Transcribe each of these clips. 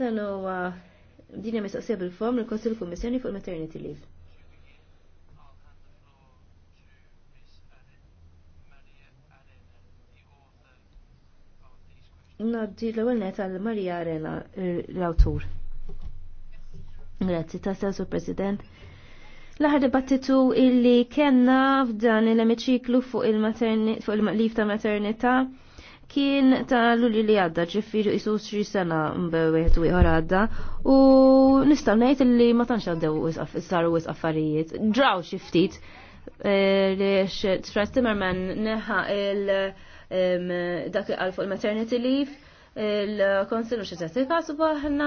Dan huwa din hemm mistoqsija bil-form il konsil Kummissjoni fuq il-Maternity Leave. Naddi l-ewwel net għal Marija Arena l-awtur. Grazzi ta' sew President. L-aħħar dibattitu illi kellna f'dan il-emiċiklu fuq il-leave fuq il ta' maternità kien ta' lulli li għadda ġifir jisu xie sena mbewet u għadda u nistaw nejt li ma tanx għaddew saru wis affarijiet. Draw xiftit eh, li Trust Timmerman neħa il dak għalfu fuq il-maternity leave il-konsilu xetetika subaħna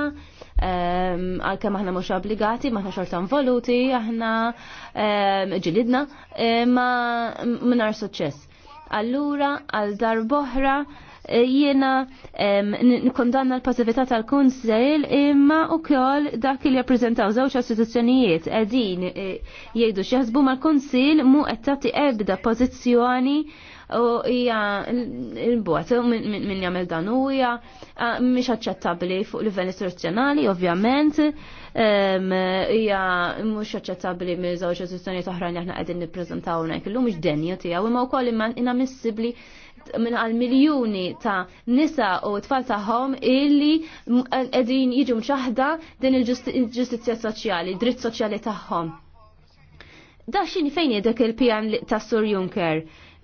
għal kem aħna mux obbligati, maħna xorta involuti, aħna ġilidna eh, ma minar suċċess allura għal darboħra eh, jiena nkondanna l-passività tal-Kunsel imma u kjoll dak li jappreżentaw żewġ istituzzjonijiet qegħdin eh, jgħidu xi ħasbu mal-Kunsil mu qed tagħti ebda pożizzjoni u hija l-bot min jagħmel dan huja mhix aċċettabbli fuq livell istituzzjonali ovvjament hija mhux aċċettabbli minn żewġ istituzzjonijiet oħrajn aħna qegħdin nippreżentaw hawnhekk illum mhux denja tiegħu imma wkoll inammissibbli minn għal miljoni ta' nisa u tfal tagħhom illi qegħdin jiġu mċaħda din il-ġustizzja soċjali, dritt soċjali tagħhom. Da xini fejn jedek il-pjan ta' Sur Juncker?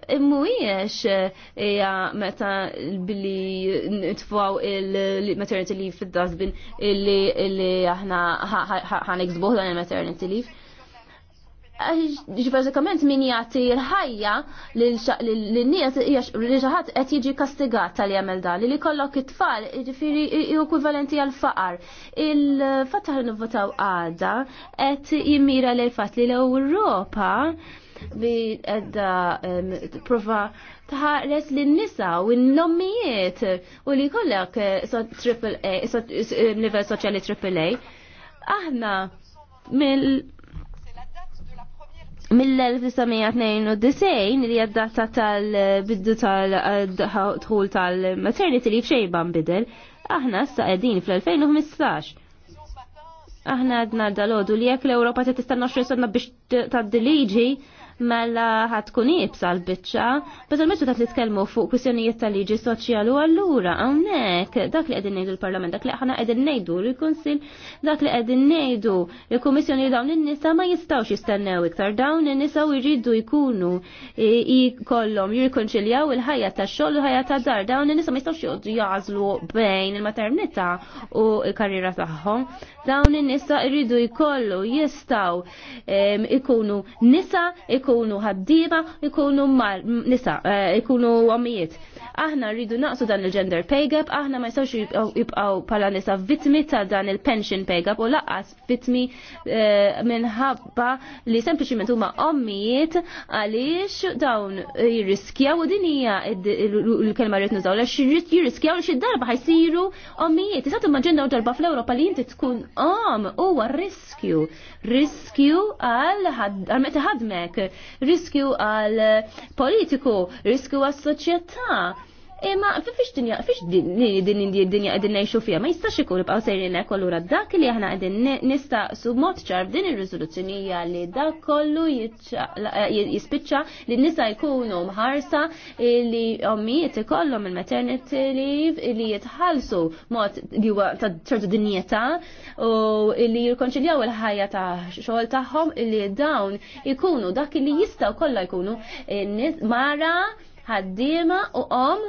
mhuwiex hija eh, meta billi nitfgħu il-maternity leave fid-dasbin illi aħna ħanek zbuħ dan il-maternity leave ġbażikament min jagħti l-ħajja lin-nies li xi ħadd qed jiġi kastigat tal jamel dan li jkollok it-tfal jiġifieri ekwivalenti għal faqar. Il-fatt aħna nivvotaw għada qed jimmira lejn fatt li l-Ewropa bi edda prova taħares li nisa u n-nommijiet u li kollak eh, level eh, soċjali AAA. Aħna mill mill-1992 li għaddata tal-biddu tal-dħul tal-maternity li fxejba n-bidel, aħna sa' edin fl-2015. Aħna għadna dal-ħodu li jek l-Europa t istanna xresodna biex tad-diliġi mela kun ibsa l-biċċa, bet il-meċċa tat li fuq kwistjonijiet tal-liġi soċjalu u allura hawnhekk dak li qegħdin ngħidu l-Parlament, dak li aħna qegħdin ngħidu l-Kunsill, dak li qegħdin ngħidu l-Kummissjoni dawn in-nisa ma jistgħux jistennew iktar dawn in-nisa jridu jkunu e, jkollhom jirkonċiljaw il-ħajja tax-xogħol u ħajja ta' dar dawn in-nisa ma jistawx jgħazlu bejn il-maternità u l-karriera tagħhom. Dawn in-nisa jridu jkollu jistgħu ikunu nisa ikunu ikunu ħaddiema, ikunu mal nisa, eh, ikunu għomijiet aħna rridu naqsu dan il-gender pay gap, aħna ma jistawx jibqaw pala nisa vitmi ta' dan il-pension pay gap u laqqas vitmi eh, minħabba li sempliciment huma ommijiet għaliex dawn jirriskjaw u din hija l-kelma rrid nużaw għaliex jirriskjaw li xi darba ħajsiru ommijiet. Isat imma ġenna darba fl-Ewropa li inti tkun om huwa riskju. Riskju għal meta ħadmek, riskju għal politiku, riskju għas soċjetà Imma fiex dinja, fiex din indi dinja għedin nejxu fija, ma jistax ikun ibqaw sejrin hekk allura dak li aħna qegħdin nistaqsu mod ċar din ir-riżoluzzjonija li dak kollu eh, jispiċċa li nista' jkunu mħarsa li ommijiet ikollhom il-maternity leave li jitħallsu mod li huwa ta' ċertu dinjeta u li jirkonċiljaw il-ħajja ta' xogħol tagħhom li dawn ikunu dak li jistgħu kollha jkunu mara ħaddiema u om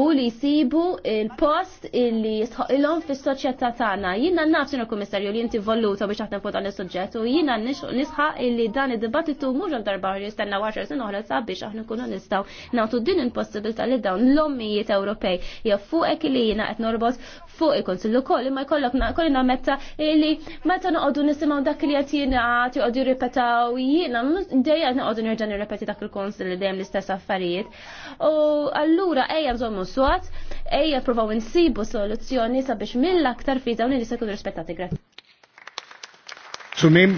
u li jisibu il-post illi jisħoqilhom fis-soċjetà tagħna. Jiena naf sinu kummissarju li inti volluta biex aħna fuq dan is-suġġett u jiena nisħaq illi dan id-dibattitu mhux darba li jistenna 10 sena oħra sabiex aħna nkunu nistgħu nagħtu din il-possibilità li dawn l-ommijiet Ewropej jew fuqek li jiena qed norbot fuq il-Konsillu koll ma jkollok kollina metta li meta noqogħdu nisimgħu dak li qed jingħad joqogħdu jirripetaw jiena dejja noqogħdu nerġa' nirrepeti dak il-Konsill li dejjem l-istess affarijiet. U allura ejja nżommu swat, ejja provaw insibu soluzzjoni sabiex mill-aktar fi dawn li se jkunu rispettati. Grazie. Sumim,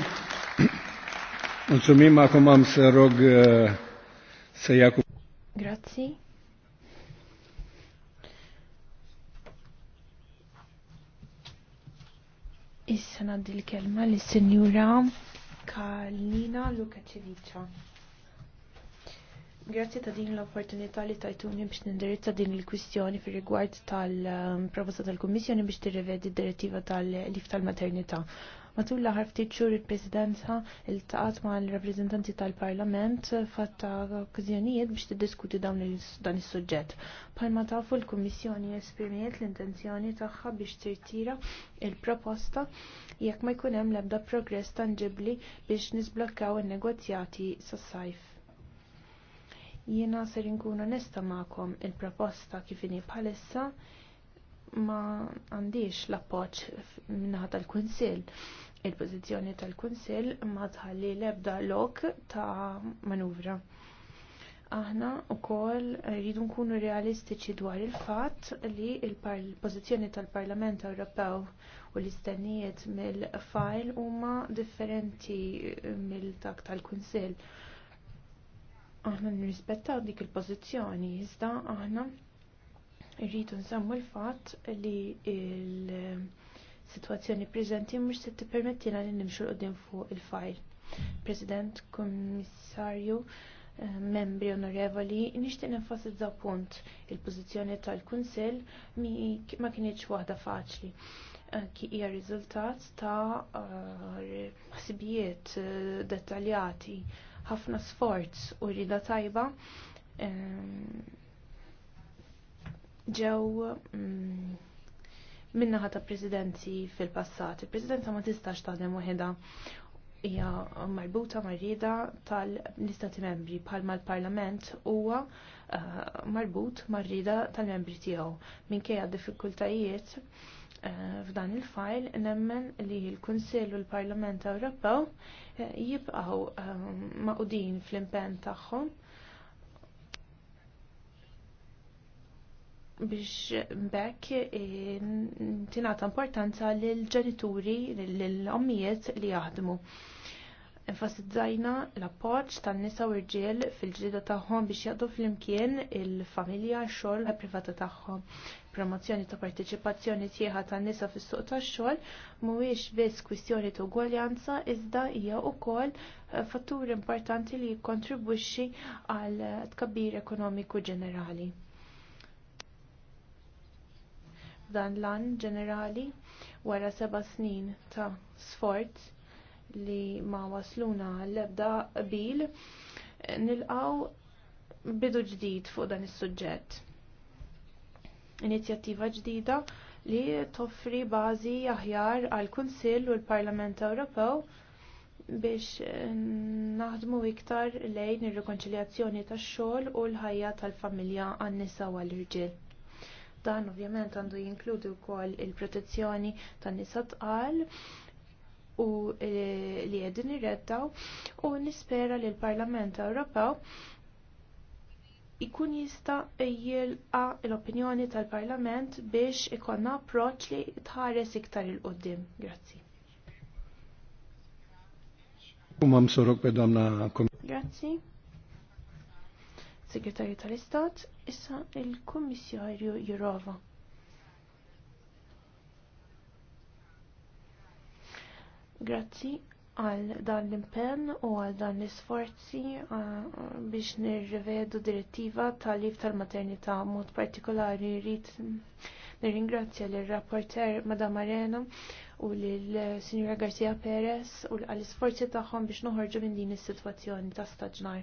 Un-sumim ma' am să rog eh, se jakub. Grazie. Issa naddi l-kelma li senjura Kalina Lukacevica. Grazzi ta' din l-opportunità li tajtuni biex nindirizza din il-kwistjoni fir rigward tal-proposta um, tal-Kummissjoni biex tirrevedi d-direttiva tal-lif tal-maternità. Matul l-aħħar ftit xhur il-Presidenza iltaqat ma' l-rappreżentanti tal-Parlament fatta okkażjonijiet biex tiddiskuti dawn dan is-suġġett. Palma tafu l-Kummissjoni esprimiet l-intenzjoni tagħha biex tirtira il-proposta jekk ma jkun hemm l-ebda progress tangibbli biex nisblokkaw in-negozjati sas-sajf jiena ser inkun onesta magħkom il-proposta kif inhi bħalissa ma għandix l-appoċ minnaħa tal-Kunsil. Il-pozizjoni tal-Kunsil ma tħalli lebda lok ta' manuvra. Aħna u kol rridu nkunu realistiċi dwar il-fat li il-pozizjoni tal-Parlament Ewropew u l-istennijiet mill-fajl huma differenti mill tak tal-Kunsil. Aħna nirrispettaw dik il-pozizjoni, iżda aħna Irridu nsammu l-fatt li il-situazzjoni preżenti mhux se tippermettina li nimxu l-qoddim fuq il-fajl. President, Komissarju, membri onorevoli, nixtieq nenfasizza punt il-pożizzjoni tal-Kunsill ma kienx waħda faċli ki hija riżultat ta' ħsibijiet dettaljati ħafna sforz u rida tajba ehm, ġew mm, minnaħa ta' prezidenzi fil-passat. il presidenza ma tistax taħdem waħda hija marbuta marrida tal-istati membri bħalma l-parlament huwa eh, marbut marrida tal-membri tiegħu. Minkejja diffikultajiet eh, f'dan il-fajl nemmen li l-Kunsill u l-Parlament Ewropew eh, jibqgħu maqudin fl-impenn tagħhom biex bekk eh, tingħata importanza l ġenituri lill-ommijiet li jaħdmu. Enfasizzajna l-appoġġ tan-nisa u rġiel fil-ġrida tagħhom biex jaqdu flimkien il-familja xogħol la privata tagħhom. Promozzjoni ta' partiċipazzjoni tieħa tan-nisa fis-suq tax-xogħol mhuwiex biss kwistjoni ta' ugwaljanza iżda hija wkoll eh, fattur importanti li jikkontribwixxi għal tkabbir ekonomiku ġenerali f'dan l-an ġenerali wara seba' snin ta' sfort li ma wasluna l-ebda qbil nilqaw bidu ġdid fuq dan is-suġġett. Inizjattiva ġdida li toffri bażi aħjar għal kunsill u l-Parlament Ewropew biex eh, naħdmu iktar lejn ir-rikonċiljazzjoni tax-xogħol u l-ħajja tal-familja għan-nisa u għall-irġiel. Dan ovvjament għandu jinkludi wkoll il-protezzjoni tan-nisa tqal u e, li qegħdin irreddaw u nispera li l-Parlament Ewropew ikun jista jilqa l-opinjoni tal-Parlament biex ikonna approċċ li tħares iktar il-qoddim. Grazzi. Grazzi segretarju tal-Istat, issa il-Kummissarju Jurova. Grazzi għal dan l-impenn u għal dan l-isforzi biex nirrivedu direttiva tal-lif tal-maternità mod partikolari rrit Nirringrazzja l rapporter Madam Arena u lil sinjura Garcia Perez u l-isforzi tagħhom biex noħorġu minn din is-sitwazzjoni ta' staġnar.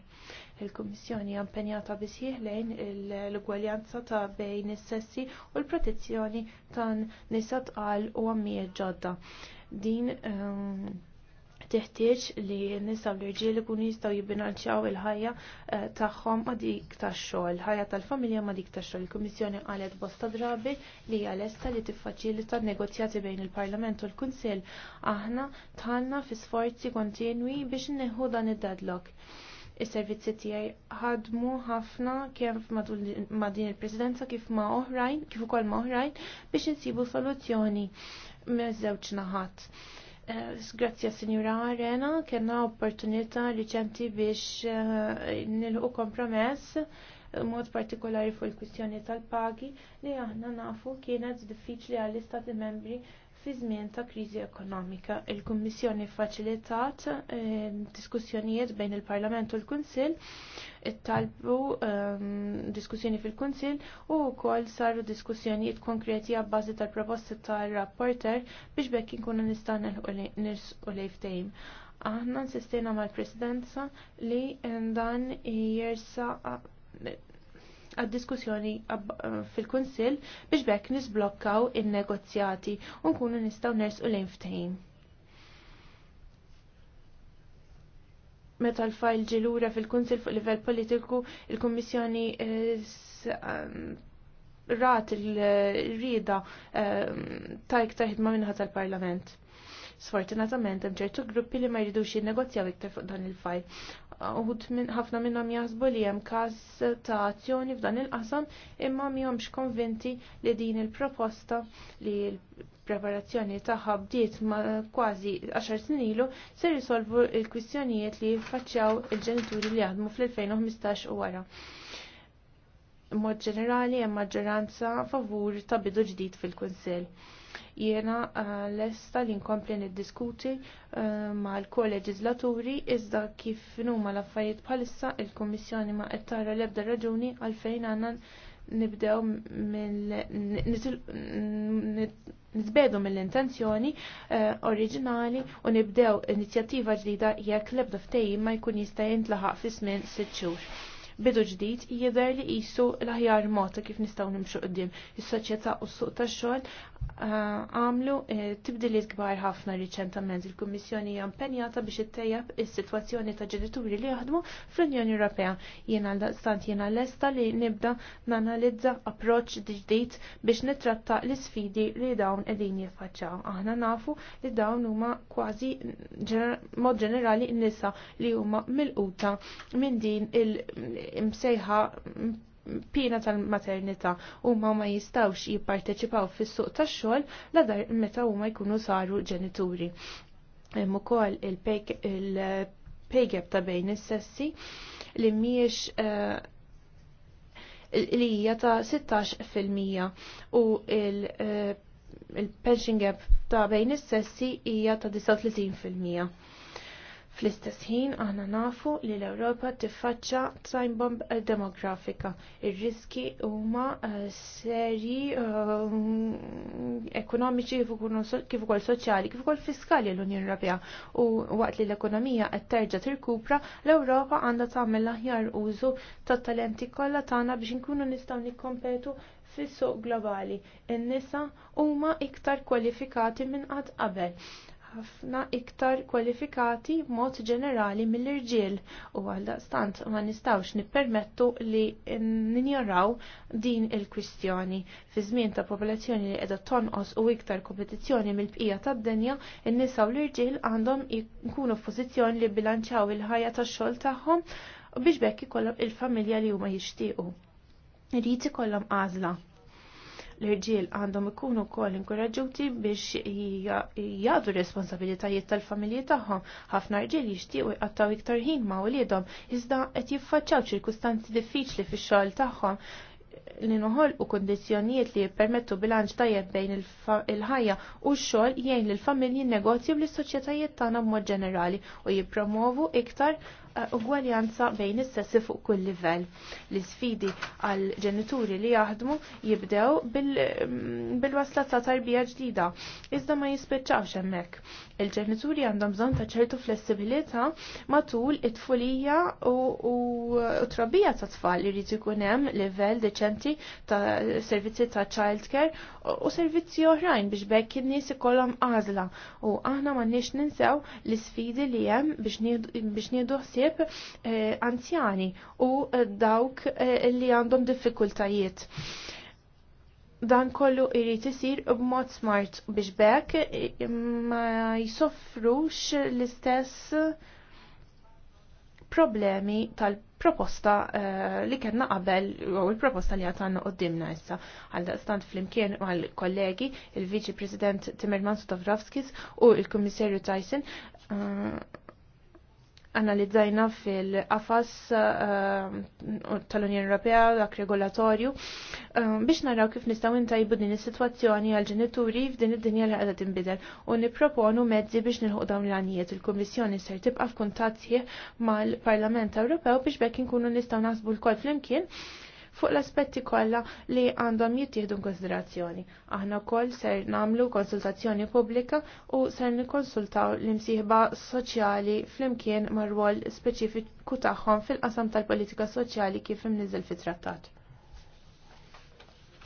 Il-Kummissjoni impenjata bisih lejn l-ugwaljanza ta' bejn is-sessi u l-protezzjoni ta' nisa tqal u għammijiet ġodda. Din um, teħtieġ li n-nisa u l-irġiel ikunu jistgħu jibbilanċjaw il-ħajja eh, tagħhom ma dik tax-xogħol, ħajja tal-familja ma dik tax-xogħol. Il-Kummissjoni qalet bosta drabi li hija lesta li tiffaċilita negozjati bejn il-Parlament u l-Kunsill. Aħna tħallna fi sforzi kontinwi biex neħu dan id-deadlock is-servizzi tiegħi ħadmu ħafna kemm ma' din il-Presidenza kif ma' oħrajn, kif ukoll ma' oħrajn biex insibu soluzzjoni miż-żewġ naħat. Eh, grazie Signora Arena, kena opportunità recenti biex eh, nilħu kompromess eh, mod partikolari fuq il-kwistjoni tal-pagi li aħna nafu kienet diffiċli għall-istati membri Fi żmien ta' kriżi ekonomika, il-Kummissjoni faċilitat eh, diskussjonijiet bejn il-Parlament u l-Kunsill, ittalbu ehm, diskussjoni fil-Kunsill u wkoll saru diskussjonijiet konkreti għabbażi tal-proposti tal-rapporter biex bekk inkunu nista' nilqu lejftejn. Aħna nsistejna mal-Presidenza li dan jersa għad-diskussjoni eh, fil-Kunsill biex bekk nisblokkaw in-negozjati u nkunu nistgħu nersqu lejn ftehim. Meta l-fajl ġilura fil-Kunsill fuq livell politiku, il-Kummissjoni eh, eh, rat il-rida ta' iktar ħidma minnħat tal-Parlament. Sfortunatament hemm ċertu gruppi li ma jridux jinnegozjaw iktar fuq dan il-fajl. Uħud ħafna minnhom jaħsbu li hemm każ ta' azzjoni f'dan il-qasam imma mihomx konvinti li din il-proposta li l-preparazzjoni tagħha bdiet ma kważi 10 snin ilu se jrisolvu l-kwistjonijiet li faċċaw il-ġenituri li jaħdmu fl-2015 u wara mod ġenerali hemm maġġoranza favur ta' bidu ġdid fil-Kunsill. Jiena eh, lesta li nkompli niddiskuti eh, mal-koleġislaturi iżda kif numa l-affarijiet bħalissa il-Kummissjoni ma qed tara l-ebda raġuni għalfejn għandna nibdew nizbedu mill-intenzjoni eh, oriġinali u nibdew inizjattiva ġdida jekk l-ebda ftehim ma jkun jista' jintlaħaq fi żmien sitt xhur bidu ġdid jidher li qisu l-aħjar mod ta kif nistgħu nimxu qudiem. Is-soċjetà u s-suq tax-xogħol eh, għamlu eh, tibdiliet kbar ħafna riċentament. Il-Kummissjoni hija impenjata biex ittejjeb is-sitwazzjoni ta' ġenituri li jaħdmu fl-Unjoni Ewropea. Jiena għaldaqstant jiena lesta li nibda nanalizza approċċ ġdid biex nitratta l-isfidi li dawn qegħdin jiffaċċaw. Aħna nafu li dawn huma kważi mod ġenerali n-nisa li huma milquta minn din il imsejħa pina tal-maternità u ma ma jistawx jipparteċipaw fis-suq tax-xogħol la dar meta huma jkunu saru ġenituri. Hemm ukoll il-pay gap ta' bejn is-sessi li mhijiex eh, li hija ta' 16% u il-pension eh, gap ta' bejn is-sessi hija ta' 39%. Fl-istess ħin aħna nafu li l-Ewropa tiffaċċa time bomb eh, demografika. Ir-riski huma eh, serji eh, ekonomiċi kif ukoll soċjali, kif ukoll fiskali l-Unjoni Ewropea. U waqt li l-ekonomija qed terġa' tirkupra, l-Ewropa għandha tagħmel l-aħjar użu tat-talenti kollha tagħna biex inkunu nistgħu nikkompetu fis-suq globali. In-nisa huma iktar kwalifikati minn qatt qabel ħafna iktar kwalifikati b'mod ġenerali mill-irġiel u għaldaqstant ma nistawx nippermettu li ninjoraw din il-kwistjoni. Fi żmien ta' popolazzjoni li qiegħda tonqos u iktar kompetizzjoni mill-bqija tad-dinja, in-nisa u l-irġiel għandhom jkunu f'pożizzjoni li bilanċaw il-ħajja tax-xogħol tagħhom biex bekk ikollhom il-familja li huma jixtiequ. Irid ikollhom għażla L-irġiel għandhom ikunu wkoll inkoraġuti biex jgħadu responsabilitajiet tal-familji tagħhom. Ħafna rġiel jixtiequ jqattaw iktar ħin ma' wliedhom iżda qed jiffaċċaw ċirkustanzi diffiċli fix-xogħol tagħhom li noħol u kondizjonijiet li jippermettu bilanċ tajjeb bejn il-ħajja u x-xogħol jgħin lill familji negozju u soċjetajiet tagħna b'mod ġenerali u jippromovu iktar Eh, ugwaljanza bejn is-sessi fuq kull livell. L-isfidi għal ġenituri li jaħdmu jibdew mm, bil-wasla ta' tarbija ġdida, iżda ma jispiċċawx hemmhekk. Il-ġenituri għandhom bżonn ta' ċertu flessibilità matul it-tfulija u trabbija ta' tfal irid ikun hemm livell deċenti ta' servizzi ta' childcare u servizzi oħrajn biex bekk in-nies ikollhom għażla u aħna m'għandniex ninsew l-isfidi li hemm biex nieħdu ħsieb ħsieb eh, anzjani u eh, dawk eh, li għandhom diffikultajiet dan kollu irrit isir b'mod smart biex bekk ma jisoffrux l-istess problemi tal-proposta uh, li kena qabel u l-proposta li għatanna dimna issa għal stand flimkien għal kollegi il-Viċi President Timmermans Dovrovskis u il-Kummissarju Tyson uh, analizzajna fil-qafas eh, tal-Unjoni Ewropea dak regolatorju eh, biex naraw kif nistgħu intajbu din is-sitwazzjoni għal ġenituri f'din id-dinja li qiegħda tinbidel u nipproponu mezzi biex nilħu dawn l-għanijiet. Il-Kummissjoni ser tibqa' f'kuntatt mal-Parlament Ewropew biex bekk inkunu nistgħu naħsbu l-kol flimkien fuq l-aspetti kollha li għandhom jittieħdu konsiderazzjoni. Aħna wkoll ser nagħmlu konsultazzjoni pubblika u ser nikkonsultaw l-imsieħba soċjali flimkien mar-rwol speċifiku tagħhom fil-qasam tal-politika soċjali kif imniżel fit-trattat.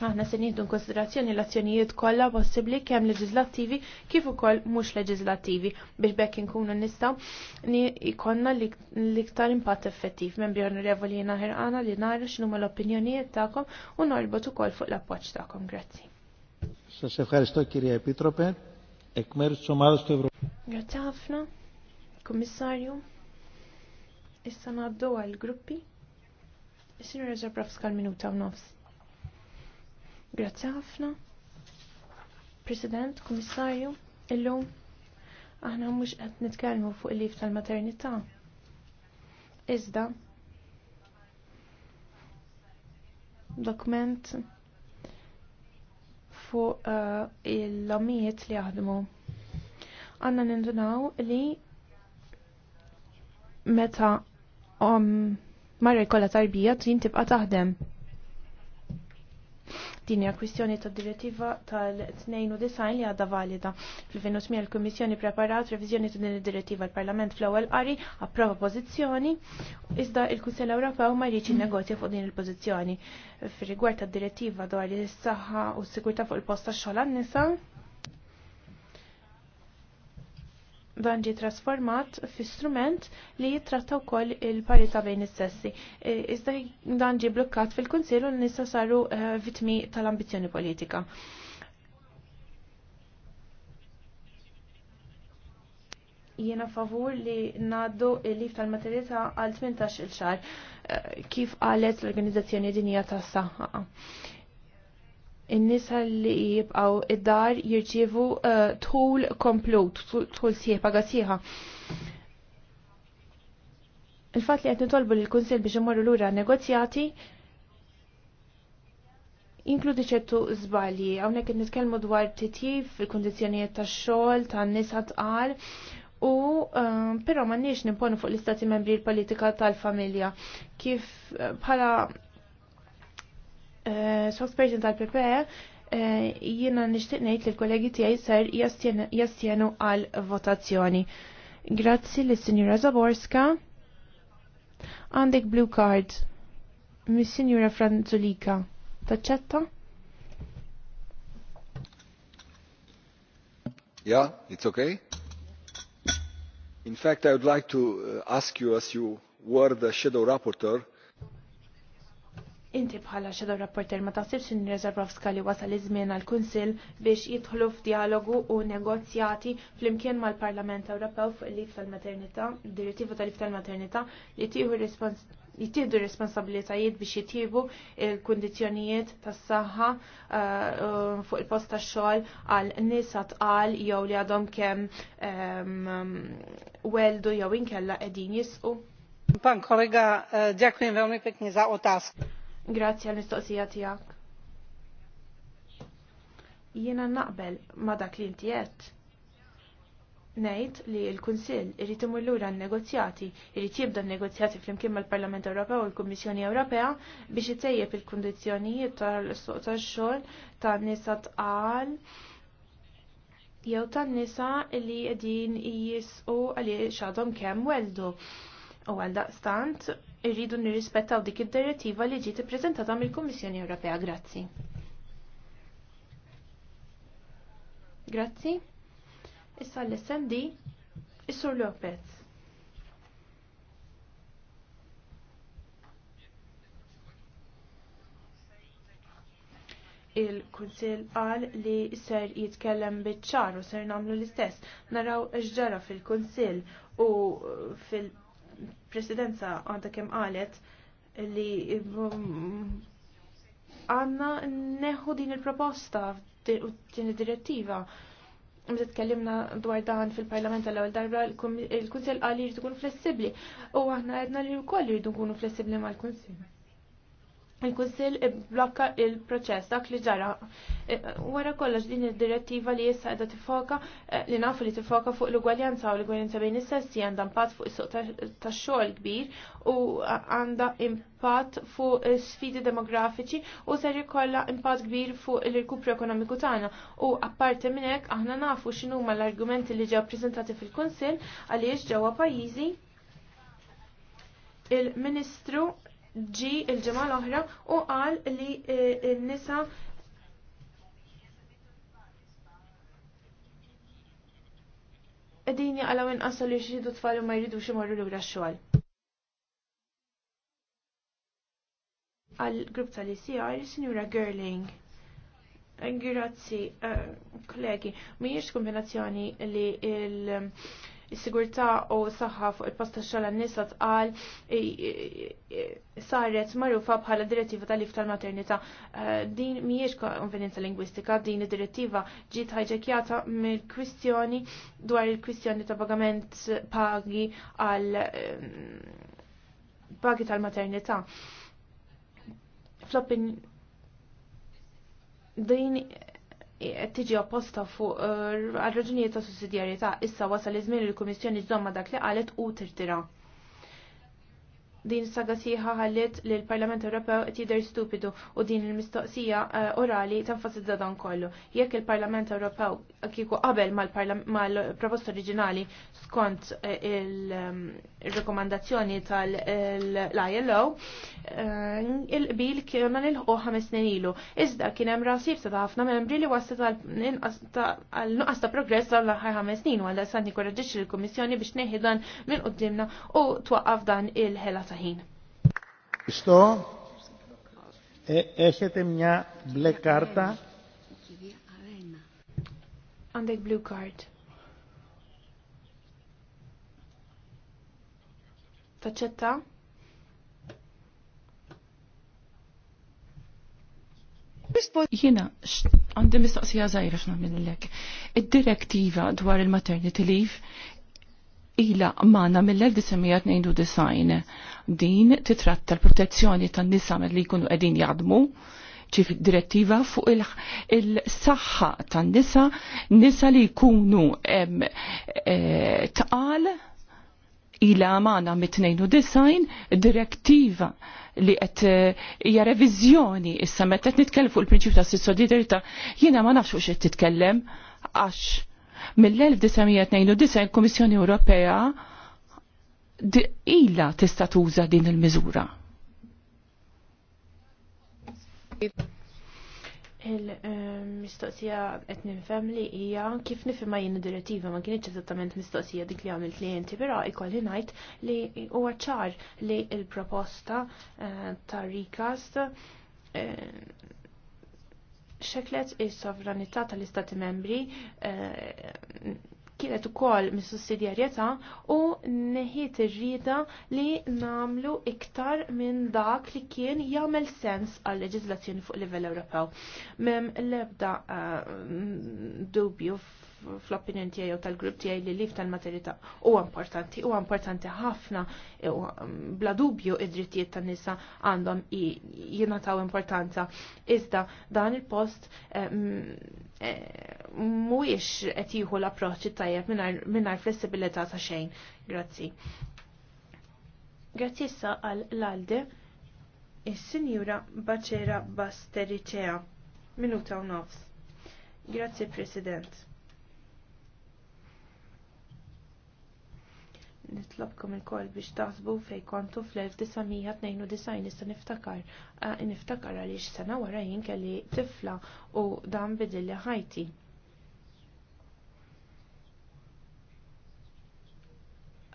Aħna se nieħdu konsiderazzjoni l-azzjonijiet kollha possibbli kemm leġislattivi kif ukoll mhux leġislattivi biex bekk inkunu nistgħu ikonna l-iktar impatt effettiv. Membri onorevoli jiena ħirqana li nara x'numa l-opinjonijiet tagħkom u norbot ukoll fuq l-appoġġ tagħkom. Grazzi. Σας ευχαριστώ κυρία Επίτροπε. Εκ μέρους της ομάδας του Ευρωπαϊκού. Grazie ħafna, Kommissarju. Issa ngħaddu għall-gruppi. Is-Sinjora Ġabrafska l-minuta u nofs. Grazzi ħafna. President, Komissarju, illum aħna mhux qed nitkellmu fuq il-lif tal-maternità. Iżda dokument fuq uh, il-lamijiet li jaħdmu. Għanna nindunaw li meta um, marra jkollha tarbija tin tibqa' taħdem Din hija kwistjoni ta' direttiva tal-92 li għadha valida. Fil-2008 il-Kummissjoni preparat reviżjoni ta' din id-direttiva l-Parlament fl-ewwel qari approva pożizzjoni iżda il-Kunsell Ewropew ma jridx innegozja fuq din il-pożizzjoni. Fir-rigward tad-direttiva dwar is-saħħa u s-sigurtà fuq il-post tax-xogħol għan-nisa, dan ġi trasformat fi strument li jitratta wkoll il-parità bejn is-sessi. E, iżda dan ġi blokkat fil-Kunsill u nisa saru e, vitmi tal-ambizzjoni politika. Jiena favur li naddu il-lif tal-maternità għal 18 il-xar e, kif qalet l-Organizzazzjoni dinija tas-Saħħa in-nisa li jibqaw id-dar jirċievu uh, eh, tul komplut, tul sieħ, paga sieħa. Il-fat li għet nitolbu l-Kunsil biex imorru l-ura negozjati inkludi ċertu zbalji, għawnek qed nitkellmu dwar titjib fil-kondizjonijiet tax-xogħol tan-nisa tqal u um, però m'għandniex nimponu fuq l-istati membri l-politika tal-familja kif eh, bħala uh, Eh, Soxpertin tal-PPE, eh, jiena nishtiqnejt l-kollegi tijaj ser jastjenu għal votazzjoni. Grazzi lis signora Zaborska. Għandek blue card. mis signora Franzulika. Taċċetta? Yeah, it's okay. In fact, I would like to eh, ask you, as you were the shadow rapporteur, Inti bħala xedaw rapporter ma taħsibx in Rezervovska li wasal iż-żmien għall-Kunsill biex jidħlu f'dialogu u negozjati flimkien mal-Parlament Ewropew fuq il-lif tal-maternità, direttiva tal-lif tal-maternità li tieħu jittieħdu responsabilitajiet biex jittieħu il-kondizjonijiet tas saħħa eh, fuq il-post ta' xogħol għal nies tqal jew li għadhom kemm ehm, weldu jew inkella qegħdin jisqu. Pan kollega, eh, dziękuję veľmi pekne za otázku. Grazzi għal mistoqsija tiegħek. Jiena naqbel ma dak li inti qed. Ngħid li l-Kunsill irid imur lura n-negozjati, irid jibda n-negozjati flimkien mal-Parlament Ewropew u l-Kummissjoni Ewropea biex itejjeb il-kundizzjonijiet tax-xogħol tan-nisa tqal jew tan-nisa li qegħdin jisqu għaliex għadhom kemm weldu. U għal daqstant irridu nirrispettaw dik id-direttiva li ġiet ippreżentata mill-Kummissjoni Ewropea. Grazzi. Grazzi. Issa l-SMD, Isur Lopez. il-Kunsil qal li ser jitkellem bit ċar u ser nagħmlu l-istess. Naraw x'ġara fil-Kunsil u fil presidenza għanda kemm qalet li mm, għanna neħu din il-proposta din id-direttiva. Meta tkellimna dwar dan fil-Parlament għal-ewwel darba il-Kunsell qal jrid ikun flessibbli u aħna għedna li wkoll jridu nkunu flessibbli mal-Kunsill il-Kunsil blokka il-proċess dak li ġara. E, wara kollox din id-direttiva li jissa edha tifoka e, li nafu li tifoka fuq l-ugwaljanza u l-ugwaljanza bejn is-sessi għandha impatt fuq is-suq tax-xogħol kbir u għandha impatt fuq sfidi demografiċi u ser jkollha impatt kbir fuq ir rikupru ekonomiku tagħna. U apparti minn hekk aħna nafu x'inhuma l-argumenti li ġew ppreżentati fil-Kunsil għaliex ġewwa pajjiżi il-Ministru ġi il-ġimgħa l-oħra u qal li eh, n-nisa qegħdin jaqgħu inqasu li xiedu tfal ma jridux imorru lura x-xogħol. Għal-grupp tal-ICR, Sinjura Gerling. Grazzi, eh, kollegi, mhijiex kombinazzjoni li il- is-sigurtà u s-saħħa fuq il-posta xogħol n nisa tqal saret magħrufa bħala direttiva tal-lif tal-maternità. Eh, din mhijiex konvenienza lingwistika, din id-direttiva ġiet ħajġekjata mill-kwistjoni dwar il-kwistjoni ta' pagament pagi għal eh, pagi tal-maternità. Floppin din qed tiġi apposta fuq eh, għal raġunijiet ta' sussidjarjetà issa wasal iż-żmien il-Kummissjoni żomma dak li qalet u tirtira din saga sieħa ħallet li l-Parlament Ewropew qed jidher stupidu u din il-mistoqsija eh, orali tenfasizza dan kollu. Jekk il-Parlament Ewropew kieku qabel mal-proposta oriġinali skont eh, il-rekomandazzjoni tal-ILO, eh, il-qbil kienu ħu ħames snin ilu. Iżda kien hemm rasib ta' ħafna membri li wasta tal-nuqqas ta' progress tal ħaj ħames snin u għal sa' nikkoraġġix il-Kummissjoni biex neħi dan minn qudiemna u twaqqaf dan il-ħela ta' ħin. Isto, eħete mja ble karta? Għandek blue card. Taċċetta? Jena, għandi mistaqsija zaħira xna l-lek. id direktiva dwar il-maternity leave ila maħna mill-1992 din titratta l-protezzjoni tan nisa li jkunu qegħdin jadmu ċif direttiva fuq il-saħħa il tan nisa nisa li jkunu e, taqal ila maħna mit-92 direttiva li qed e, hija reviżjoni issa meta qed nitkellem fuq il-prinċipju ta' sissoditerita jiena ma nafx fuq titkellem għax Mill-1992 il-Kummissjoni Ewropea ila tista' tuża din il-miżura. Il-mistoqsija qed nifhem li hija kif nifhimha jien id-direttiva ma kienx eżattament mistoqsija dik li għamilt li inti, però ikolli ngħid li huwa ċar li l-proposta eh, ta' recast. Eh, xeklet is-sovranità tal-Istati membri eh, kienet ukoll mis sussidjarjetà u neħiet ir-rida li namlu iktar minn dak li kien jagħmel sens għal leġiżlazzjoni fuq livell Ewropew. Mem l-ebda eh, dubju fl-opinjon tiegħi jew tal-grupp tiegħi li lif tal-maternità huwa importanti, huwa importanti ħafna um, bla dubju id-drittijiet tan-nisa għandhom jingħataw importanza. Iżda dan il-post e, mhuwiex qed jieħu l-approċċ tajjeb mingħajr flessibilità ta' xejn. Grazzi. Grazzi issa għal l-alde is-Sinjura Baċera Bastericea. Minuta u nofs. Grazzi President. nitlobkom il-koll biex taħsbu fej kontu fl-1992 nista' niftakar niftakar għaliex sena wara jien kelli tifla u dan bidilli ħajti.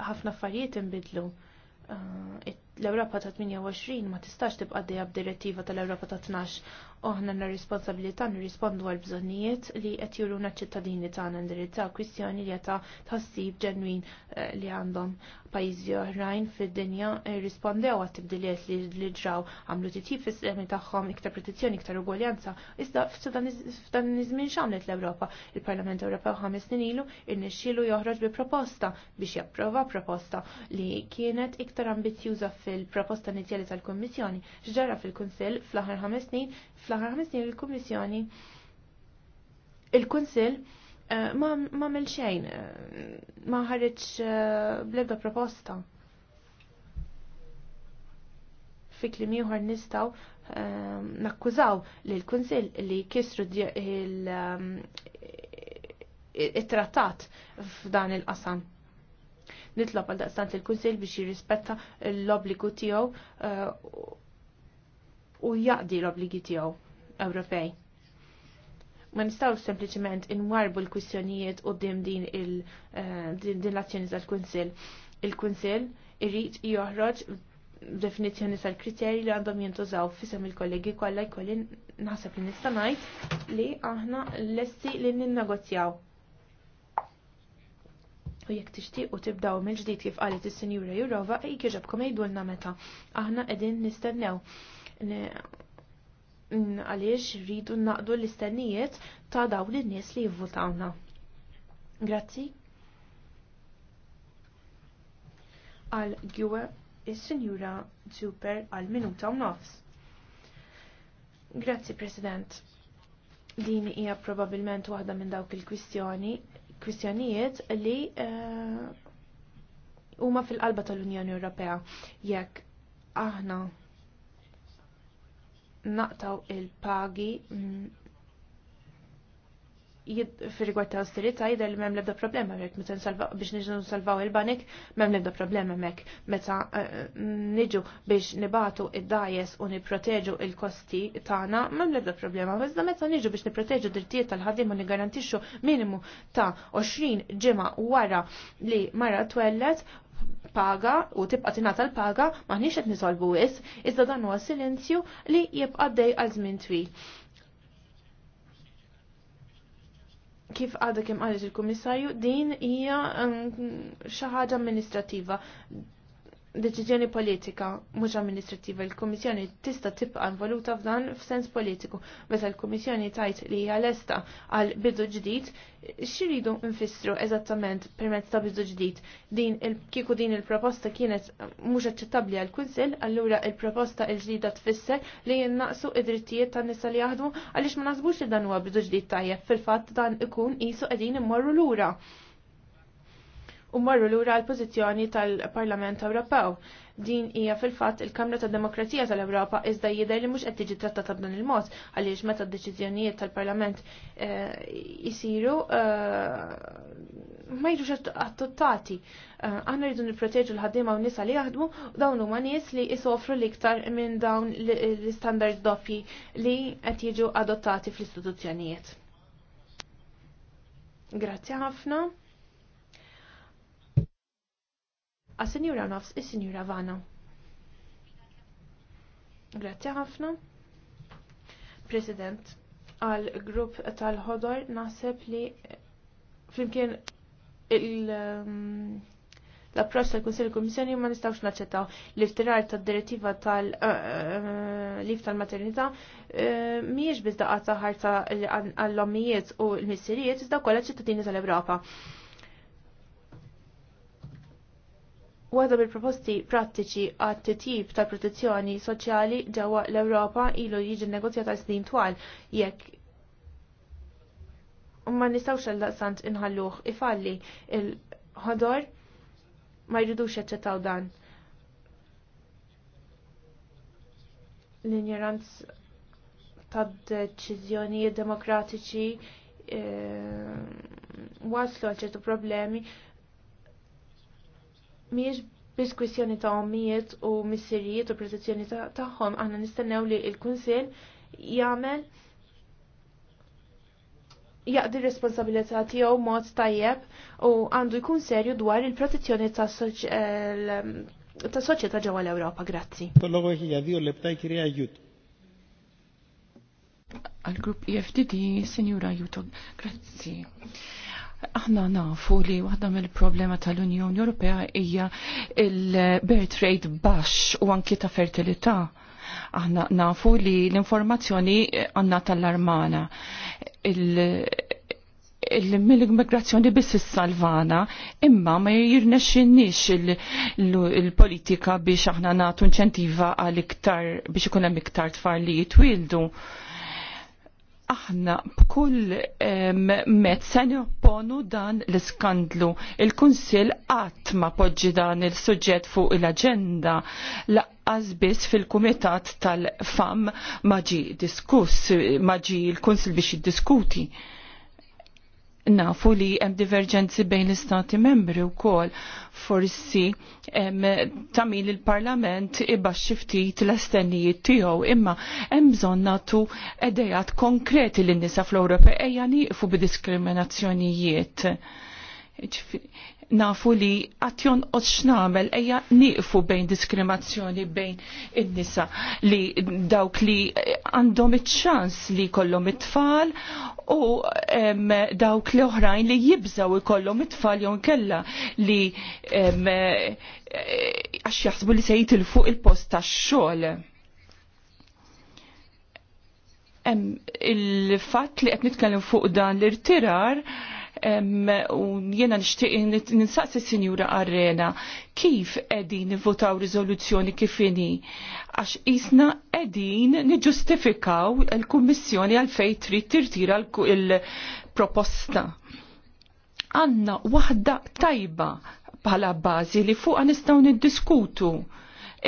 ħafna affarijiet inbidlu. L-Ewropa ta' 28 ma tistax tibqa' b'direttiva tal-Ewropa ta' 12 oħna na responsabilità nirrispondu għal bżonnijiet li qed juruna ċittadini tagħna ndirizzaw kwistjoni li ta' tħassib ġenwin eh, li għandhom pajjiżi oħrajn fid-dinja eh, rispondew għat tibdiliet li ġraw għamlu titjib fis-sistemi tagħhom iktar protezzjoni iktar ugwaljanza. Iżda f'dan iż-żmien xamlet l-Ewropa. Il-Parlament Ewropew ħames snin ilu irnexxielu joħroġ bi proposta biex japprova proposta li kienet iktar ambizjuża fil-proposta inizjali tal-Kummissjoni. X'ġara fil-Kunsill fl-aħħar ħames snin fl-aħħar ħames snin il-Kummissjoni il-Kunsill eh, ma mill xejn eh, ma ħareġ eh, blebda proposta. Fi kliem ieħor nistgħu nakkużaw lil kunsill li kisru il-trattat f'dan il-qasam nitlob għal daqstant il-Kunsil biex jirrispetta l-obbligu tiegħu u jaqdi l-obligi tiegħu Ewropej. Ma nistgħu sempliċement inwarbu l-kwistjonijiet u dim eh, din l-azzjoni tal-Kunsill. Il-Kunsill irrid joħroġ definizjoni tal-kriterji li għandhom jintużaw fisem il-kollegi kollha jkolli naħseb li nista' ngħid li aħna lesti li ninnegozjaw. U jekk tixtiequ tibdaw mill-ġdid kif qalet is-Sinjura Jurova jkieġabkom jgħidulna meta. Aħna qegħdin nistennew għaliex rridu naqdu l-istennijiet ta' dawn in-nies li jivvutawna. Grazzi. Għal gjuwe il sinjura Zuper għal minuta u nofs. Grazzi, President. Din hija probabbilment waħda minn dawk il-kwistjoni, kwistjonijiet li eh, huma uh, fil-qalba tal-Unjoni Ewropea. Jekk aħna ah, naqtaw il-pagi mm, fil-rigward ta' austerita jidher li m'hemm l problema mek, biex niġu nsalvaw il banik m'hemm l problema hemmhekk meta eh, eh, niġu biex nibatu id-dajes u nipproteġu il-kosti tagħna m'hemm l-ebda problema iżda meta niġu biex nipproteġu drittijiet tal ħadim u nigarantixxu minimu ta' 20 ġimgħa wara li mara twellet paga u tibqa' tingħata l-paga maħniex qed nisolbu wis, iżda dan huwa silenzju li jibqa' dej għal żmien twil. Kif għadha kemm qalet il-Kummissarju, din hija mm, xi ħaġa amministrattiva deċiżjoni politika mhux amministrattiva l-Kummissjoni tista' tibqa' involuta f'dan f'sens politiku meta l-Kummissjoni tajt li hija lesta għal bidu ġdid xiridu nfissru eżattament permezz ta' bidu ġdid din kieku din il-proposta kienet mhux aċċettabbli għal kunsill allura il-proposta l-ġdida tfisser li jinnaqsu id-drittijiet tan nisa li jaħdmu għaliex ma naħsbux li dan huwa bidu ġdid tajjeb fil-fatt dan ikun qisu qegħdin immorru lura u marru lura għal pożizzjoni tal-Parlament Ewropew. Din hija fil-fatt il-Kamra tad Demokrazija tal-Ewropa iżda jidher li mhux qed tiġi trattata b'dan il-mod għaliex meta d-deċiżjonijiet tal-Parlament jisiru eh, eh, ma jiġux attottati. Eh, aħna rridu nipproteġu l-ħaddiema u nisa li jaħdmu dawn huma nies li jisofru l-iktar minn dawn l istandard doppji li qed jiġu adottati fl-istituzzjonijiet. Grazzi ħafna. a sinjura Nofs, is-Sinjura Vana. Grazzi ħafna. President, għal grupp tal-ħodor naħseb li flimkien il- um, l-approċċ tal-Kunsill Kummissjoni ma nistgħux naċċettaw l ftirar tad-direttiva tal-lif uh, uh, tal-maternità uh, mhijiex biss ta' ħarta għall-ommijiet u l-missirijiet iżda kollha ċittadini tal-Ewropa. Waħda bil proposti prattiċi għat titjib ta' protezzjoni soċjali ġewwa l-Ewropa ilu jiġi negozjata snin twal jekk ma nistawx għal-daqsant inħalluħ ifalli il-ħodor ma jridux jaċċettaw dan. L-injeranz ta' deċiżjonijiet demokratiċi eh, waslu għal ċertu problemi miex biex ta' ommijiet u missirijiet u protezzjoni tagħhom ta aħna nistennew li l-Kunsill jagħmel jaqdi responsabilità tiegħu mod tajjeb u għandu jkun serju dwar il-protezzjoni ta' eh, soċjetà ġewwa l-Ewropa. Grazzi. Kollogu hija dio lebta jkiri ajut. Għal-grupp EFTD, Senjura Juto, grazzi. Aħna nafu li waħda mill-problema tal-Unjoni Ewropea hija il-birth rate baxx u anki ta' fertilità. Aħna nafu li l-informazzjoni għandna tal-armana. Il-migrazzjoni biss salvana imma ma jirnexxinniex il-politika biex aħna nagħtu inċentiva għal iktar biex ikun hemm iktar tfal li jitwildu aħna b'kull mezz se nopponu dan l-iskandlu. Il-Kunsill qatt ma poġġi dan il-suġġett fuq il-aġenda laqqas biss fil-Kumitat tal-FAM ma ġi diskuss, ma ġi l-Kunsill biex jiddiskuti nafu li hemm diverġenzi bejn l-istati membri wkoll forsi tamil il-parlament ibaxxi ftit l-estennijiet tiegħu imma hemm bżonn nagħtu edejat konkreti lin nisa fl-Ewropa ejja nieqfu diskriminazzjonijiet nafu li għattjon oċnamel eja niqfu bejn diskriminazzjoni bejn id-nisa li dawk li għandhom iċ-ċans li kollhom it-tfal u em, dawk li oħrajn li jibżaw ikollhom it-tfal jew kella li e, għax jaħsbu li se fuq il-post tax-xogħol. Il-fatt li qed nitkellem fuq dan l-irtirar u jena nishtiq ninsaqsi sinjura Arrena. kif edin votaw rizoluzzjoni kifini għax isna edin niġustifikaw il-Kummissjoni għalfej trid tirtira il-proposta. Għanna waħda tajba bħala bażi li fuqa nistgħu niddiskutu.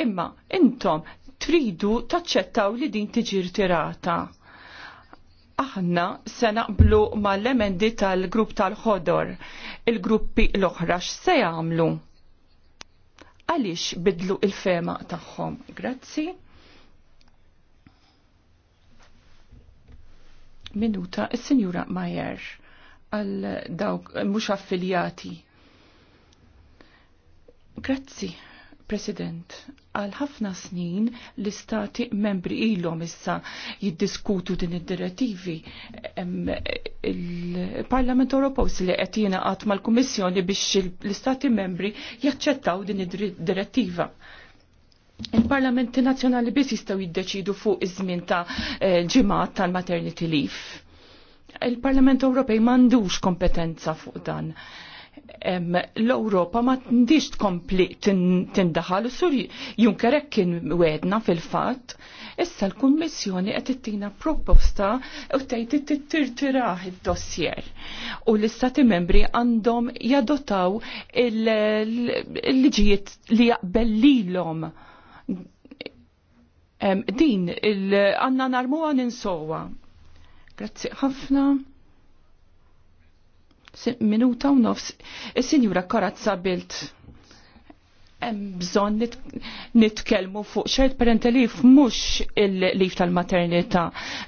Imma intom tridu taċċettaw li din tiġi rtirata aħna se naqblu mal-emendi tal-grupp tal-ħodor, il-gruppi l-oħra x'se jagħmlu? Għaliex bidlu il-fema tagħhom? Grazzi. Minuta is-Sinjura Majer għal dawk mhux affiljati. Grazzi. President, għal ħafna snin l-istati membri ilhom issa jiddiskutu din id-direttivi. Il-Parlament Ewropew li qed jingħaqad mal-Kummissjoni biex l-istati membri jaċċettaw din id-direttiva. Il-Parlamenti Nazzjonali biss jistgħu jiddeċidu fuq iż-żmien ta' eh, ġimgħat tal-maternity leave. Il-Parlament Ewropej m'għandux kompetenza fuq dan l-Europa ma tindix tkompli tindaħal u sur Juncker kien wedna fil-fatt, issa l-Kummissjoni qed tittina proposta u tgħid tittirtiraħ id-dossier. U l-istati membri għandhom jadotaw il-liġijiet li jaqbel lilhom. Din għandna narmuha ninsowa. Grazzi ħafna minuta u nofs. Is-Sinjura Karazza Bilt hemm bżonn nitkellmu fuq xejn parentelif mhux il-lif tal-maternità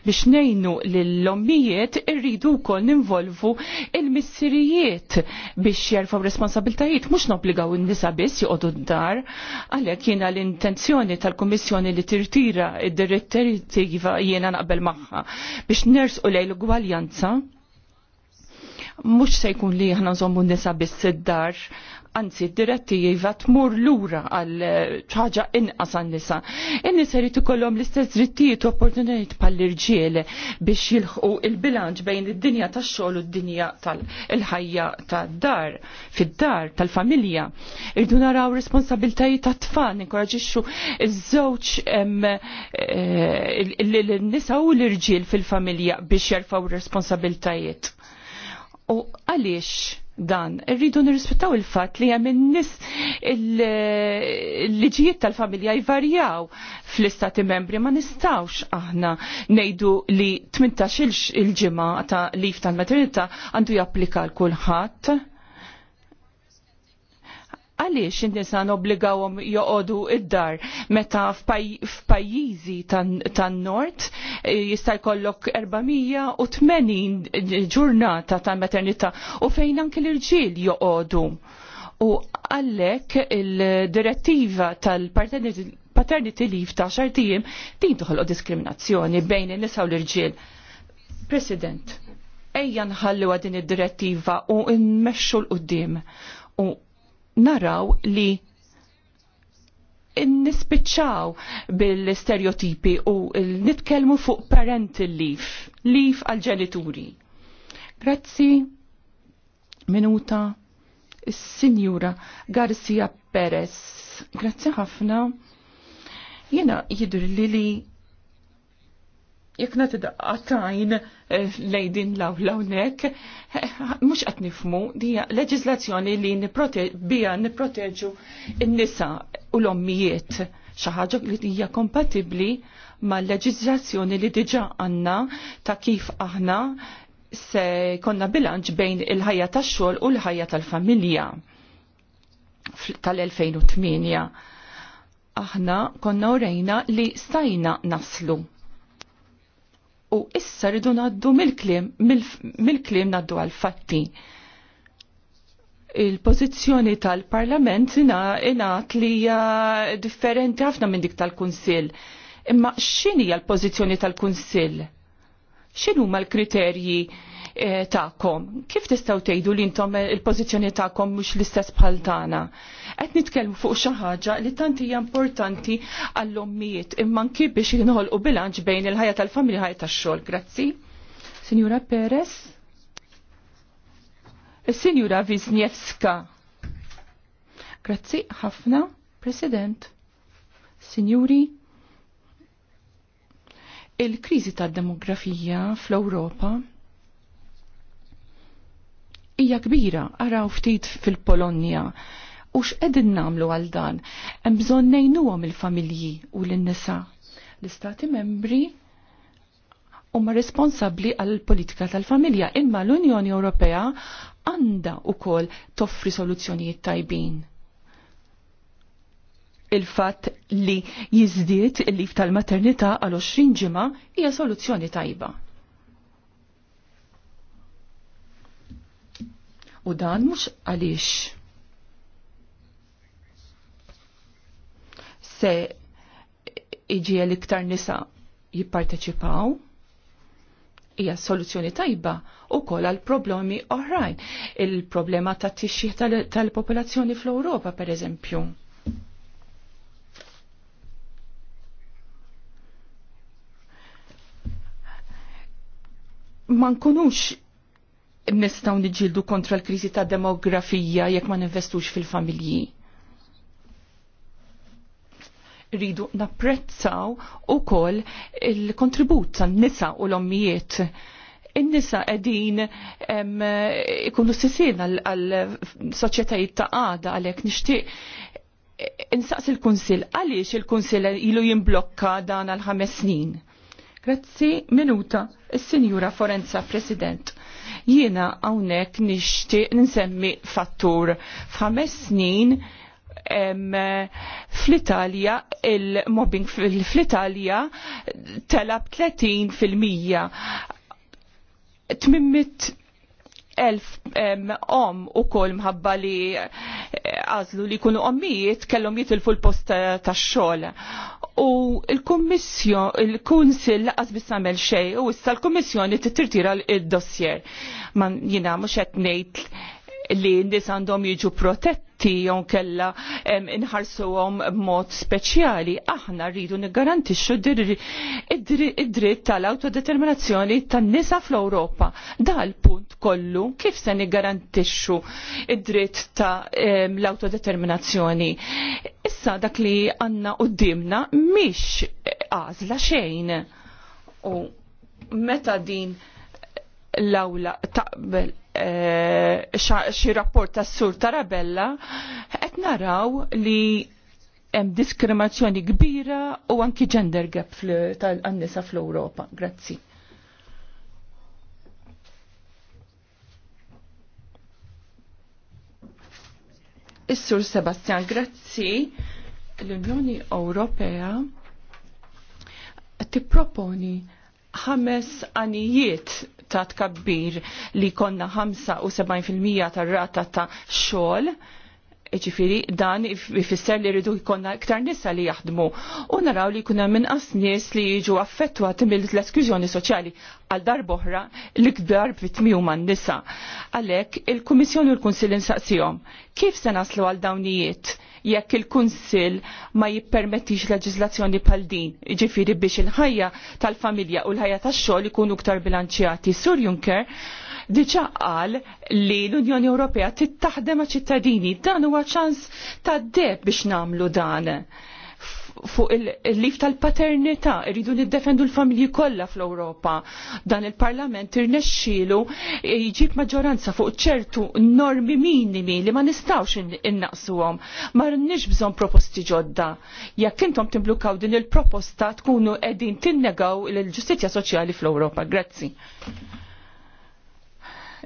biex ngħinu l ommijiet irridu wkoll ninvolvu il-missirijiet biex jerfgħu responsabiltajiet mhux nobligaw n nisa biss joqogħdu d-dar għalhekk jiena l-intenzjoni tal-Kummissjoni li tirtira id-direttiva jiena naqbel magħha biex nersqu lejlu gwaljanza mux se jkun li ħna nżommu nisa biss id-dar, anzi direttiva tmur lura għal ċaġa eh, inqas għan nisa. In-nisa jrid ikollhom l-istess drittijiet u opportunit pal irġiel biex jilħqu il-bilanċ bejn id-dinja tax-xogħol u d-dinja tal-ħajja tad-dar, fid-dar, tal-familja. Irdu naraw responsabiltajiet tat-tfal, inkoraġixxu iż-żewġ eh, l-nisa u l-irġiel fil-familja biex jerfaw responsabiltajiet U għaliex dan, rridu nirrispettaw il-fat li hemm in-nies il-liġijiet tal-familja jvarjaw fl-istati membri ma nistawx aħna ngħidu li 18 il-ġimgħa ta' lif tal-maternità għandu japplika l kulħadd għaliex in-nisa nobbligawhom joqogħdu id-dar meta f'pajjiżi tan-nord eh, jista' jkollok 480 ġurnata ta' maternità u fejn anke l-irġiel joqogħdu. U għallek il-direttiva tal-paternity leave ta' xartijim din toħloq diskriminazzjoni bejn in-nisa u l-irġiel. President, ejja nħallu din id-direttiva u nmexxu l-qudiem u naraw li nispiċċaw bil-stereotipi u nitkelmu fuq parental leave, leave għal-ġenituri. Grazzi, minuta, s sinjura Garcia Perez. Grazzi ħafna. Jena jidur li li jekk nagħti daqqatajn eh, lejdin law lawnek, eh, mhux qed nifmu hija leġiżlazzjoni li bija nipproteġu n-nisa u l-ommijiet xi ħaġa li hija kompatibbli mal leġiżlazzjoni li diġà għandna ta' kif aħna se konna bilanċ bejn il-ħajja tax-xogħol u l-ħajja tal-familja tal-2008. Aħna konna urejna li stajna naslu u issa ridu naddu mill-klim mill-klim naddu għal-fatti. Il-pozizjoni tal-Parlament ingħat li hija differenti ħafna minn dik tal-Kunsill. Imma x'inhi l-pożizzjoni tal-Kunsill? X'inhuma l-kriterji Eh, ta'kom. Kif tistaw tgħidu li intom eh, il-pożizzjoni ta'kom mhux l-istess bħal tagħna? Qed nitkellmu fuq xi ħaġa li tant hija importanti għall-ommijiet imma anki biex jinħolqu bilanċ bejn il-ħajja tal-familja ħajja tax-xogħol. Grazzi. Sinjura Perez. Sinjura Wisniewska. Grazzi ħafna, President. Sinjuri, il-kriżi tad-demografija fl-Ewropa hija kbira, araw ftit fil-Polonja. U x'qegħdin nagħmlu għal dan? Hemm bżonn ngħinuhom il-familji u lin-nisa. L-istati membri huma responsabbli għall politika tal-familja, imma l-Unjoni Ewropea għandha wkoll toffri soluzzjonijiet tajbin il-fatt li jizdiet il-lif tal-maternità għal 20 ġimgħa hija soluzzjoni tajba. U dan mhux għaliex se iġi għal iktar nisa jipparteċipaw, hija soluzzjoni tajba u koll għal problemi oħrajn. Il-problema ta' tixjih tal-popolazzjoni fl-Europa, per eżempju. Ma nkunux nistaw niġildu kontra l-krizi ta' demografija jekk ma ninvestux fil-familji. Ridu napprezzaw u koll il-kontribut tan nisa u l-ommijiet. In-nisa edin ikunu s-sissin għal-soċjetajiet ta' għada għalek nishtiq insaqs il-Kunsil, għaliex il-Kunsil ilu jimblokka dan għal ħames snin? Grazzi, minuta, il-Sinjura Forenza, President. Jiena hawnhekk nixtieq nsemmi fattur. F'ħames snin fl-Italja il-mobbing fl-Italja telab 30 fil-mija elf om u kol mħabba li eh, għazlu li kunu ommijiet kellhom jitilfu l-post tax xogħol. U il kommissjon il-Kunsil laqas biss għamel u issa l-Kummissjoni tirtira l dossier Man jina mhux qed ngħid li n għandhom jiġu protetti tijon jon kella inħarsuhom b'mod speċjali. Aħna rridu niggarantixxu id-dritt tal-autodeterminazzjoni tan-nisa fl-Ewropa. Dal-punt kollu kif se niggarantixxu id-dritt ta' l-autodeterminazzjoni. Issa dak li għanna dimna mhix għażla xejn. U meta din l-awla taqbel eh, xi rapport tas-sur Tarabella qed naraw li hemm diskriminazzjoni kbira u anki gender gap tal-annisa fl-Ewropa. Grazzi. Is-Sur Sebastian, grazzi l-Unjoni Ewropea tipproponi ħames anijiet ta' tkabbir li konna 75% tar-rata ta' xogħol ġifiri dan ifisser li rridu jkonna iktar nisa li jaħdmu u naraw li kuna minn nies li jiġu affettwati mill-esklużjoni soċjali għal darboħra li kbar vitmiju man nisa. Għalek, il-Kummissjoni u l-Kunsil insaqsijom, kif se naslu għal dawnijiet? jekk il-Kunsill ma jippermettix leġislazzjoni bħal din, ġifiri biex il-ħajja tal-familja u l-ħajja tax-xogħol ikunu ktar bilanċjati. Sur Juncker diċa qal li l-Unjoni Ewropea tittaħdem ma' ċittadini dan huwa ċans ta' deb biex namlu dan fuq il-lif tal-paternità, irridu niddefendu l-familji kollha fl-Ewropa. Dan il-Parlament irnexxielu jġib maġġoranza fuq ċertu normi minimi li ma nistgħux innaqsuhom. Ma rinniex bżonn proposti ġodda. Jekk intom timblukaw din il-proposta tkunu qegħdin tinnegaw il-ġustizzja soċjali fl-Ewropa. Grazzi.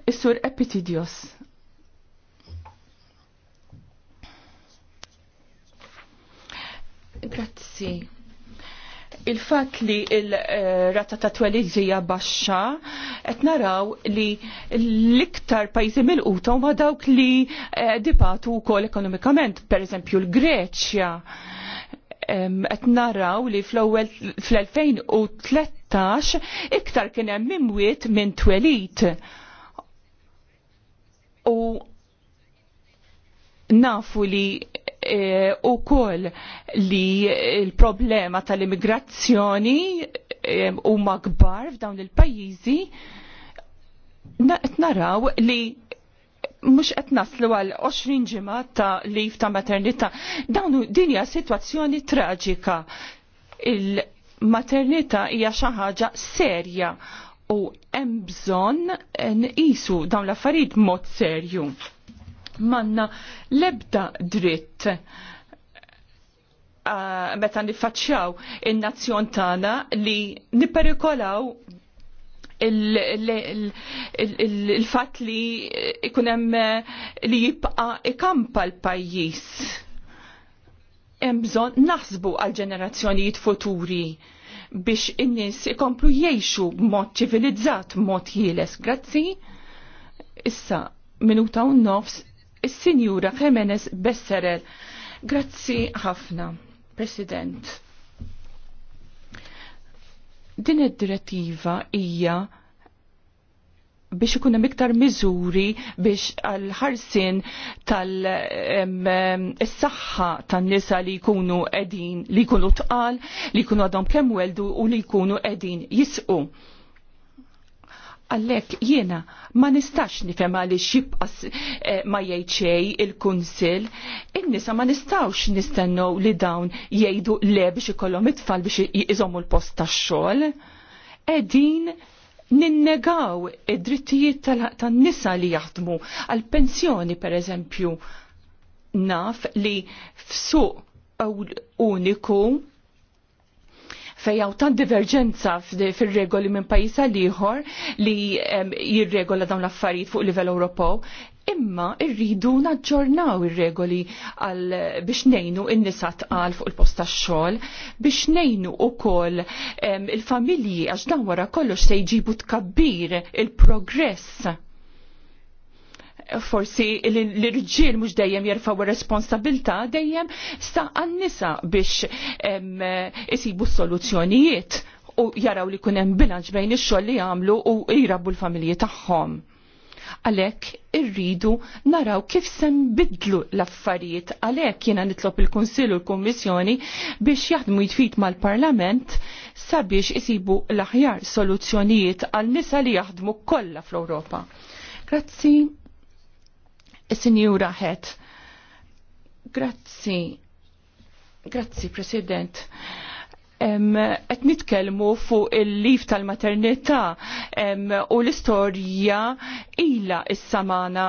Is-sur Epitidios. Grazzi. Il-fat li il-rata ta' twelizija baxxa, qed naraw li l-iktar pajjiżi mill huma dawk li eh, dipatu wkoll ekonomikament, pereżempju l-Greċja. Qed naraw li fl-ewwel fl-2013 iktar kien hemm imwiet minn twelit. U nafu li u koll li il-problema tal-immigrazzjoni u magbar f'dawn il-pajizi naraw li mux qed naslu għal 20 ġimgħa ta' lif ta' maternità. Dawn din hija sitwazzjoni traġika. Il-maternità hija xi ħaġa serja u hemm bżonn nqisu dawn l-affarijiet mod serju manna lebda dritt uh, meta nifaċċjaw in-nazzjon tagħna li niperikolaw il-fat li ikunem eh, li jibqa ikampa l-pajjiż. Hemm bżonn naħsbu għal ġenerazzjonijiet futuri biex in-nies ikomplu jgħixu b'mod ċivilizzat, mod jieles. Grazzi. Issa, minuta u nofs il sinjura Jimenez Besserel. Grazzi ħafna, President. Din id-direttiva hija biex ikun hemm iktar miżuri biex għal ħarsin tal-saħħa tan-nisa li jkunu qegħdin li jkunu tqal, li jkunu għadhom kemm weldu u li jkunu qegħdin jisqu Għallek jiena ma nistax nifhem għaliex jibqas eh, ma jgħid il-kunsil, in-nisa ma nistawx nistennew li dawn jgħidu le biex ikollhom it-tfal biex jiżommu l-post tax-xogħol. Qegħdin ninnegaw id-drittijiet tan-nisa li jaħdmu għal-pensjoni per eżempju naf li f'suq uniku fejjaw tan diverġenza fil-regoli minn pajjiż għal ieħor li jirregola dawn l-affarijiet fuq livell Ewropew. Imma irridu naġġornaw ir-regoli għal biex nejnu n-nisa tqal fuq il-post tax-xogħol, biex nejnu ukoll il-familji għax dan wara kollox se jġibu tkabbir il-progress forsi l-irġiel mhux dejjem jirfaw responsabilta dejjem sta għannisa nisa biex isibu soluzzjonijiet u jaraw li kunem bilanċ bejn ix-xogħol li jagħmlu u jrabbu l-familji tagħhom. Għalek irridu naraw kif sembidlu l-affarijiet għalek jena nitlob il-Konsil u l-Kommissjoni biex jaħdmu jitfit mal-Parlament sabiex isibu l-aħjar soluzzjonijiet għal nisa li jaħdmu kollha fl-Ewropa. Grazzi. Sinjura Het. Grazzi. Grazzi, President. Qed nitkellmu fuq il-lif tal-maternità u l-istorja ilha il samana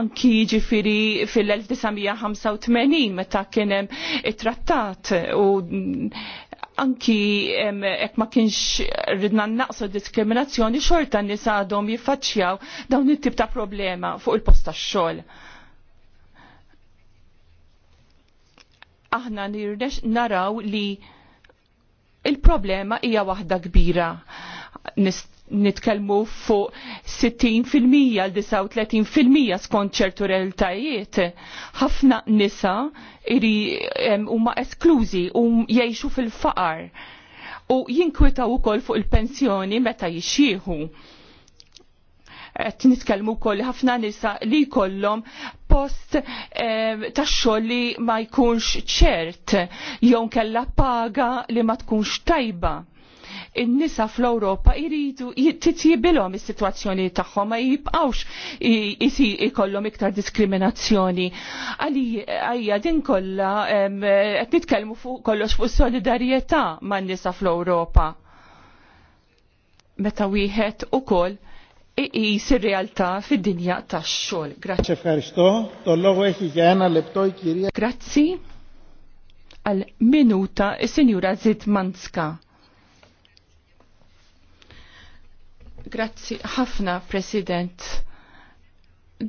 anki ġifiri fil-1985 meta kien hemm it-trattat u anki ek ma kienx ridna naqsa diskriminazzjoni xorta nisa għadhom jiffaċċjaw dawn it-tip ta' problema fuq il-post ta' xogħol Aħna nirnex naraw li il-problema hija waħda kbira. Nist nitkellmu fuq 60% għal 39% skont ċertu realtajiet. Ħafna nisa iri huma esklużi u um, jgħixu fil-faqar u jinkwitaw ukoll fuq il-pensjoni meta jixieħu. Qed nitkellmu wkoll ħafna nisa li jkollhom post eh, ta' xogħol li ma jkunx ċert jew kella paga li ma tkunx tajba in-nisa fl-Ewropa jridu titjibilhom is-sitwazzjoni tagħhom ma jibqgħux ikollhom iktar diskriminazzjoni. Għalija din kollha qed nitkellmu fuq kollox fuq solidarjetà man-nisa fl-Ewropa. Meta wieħed ukoll iqis ir-realtà fid-dinja tax-xogħol. Grazzi. Grazzi għal minuta is-Sinjura Manska. Grazzi ħafna, President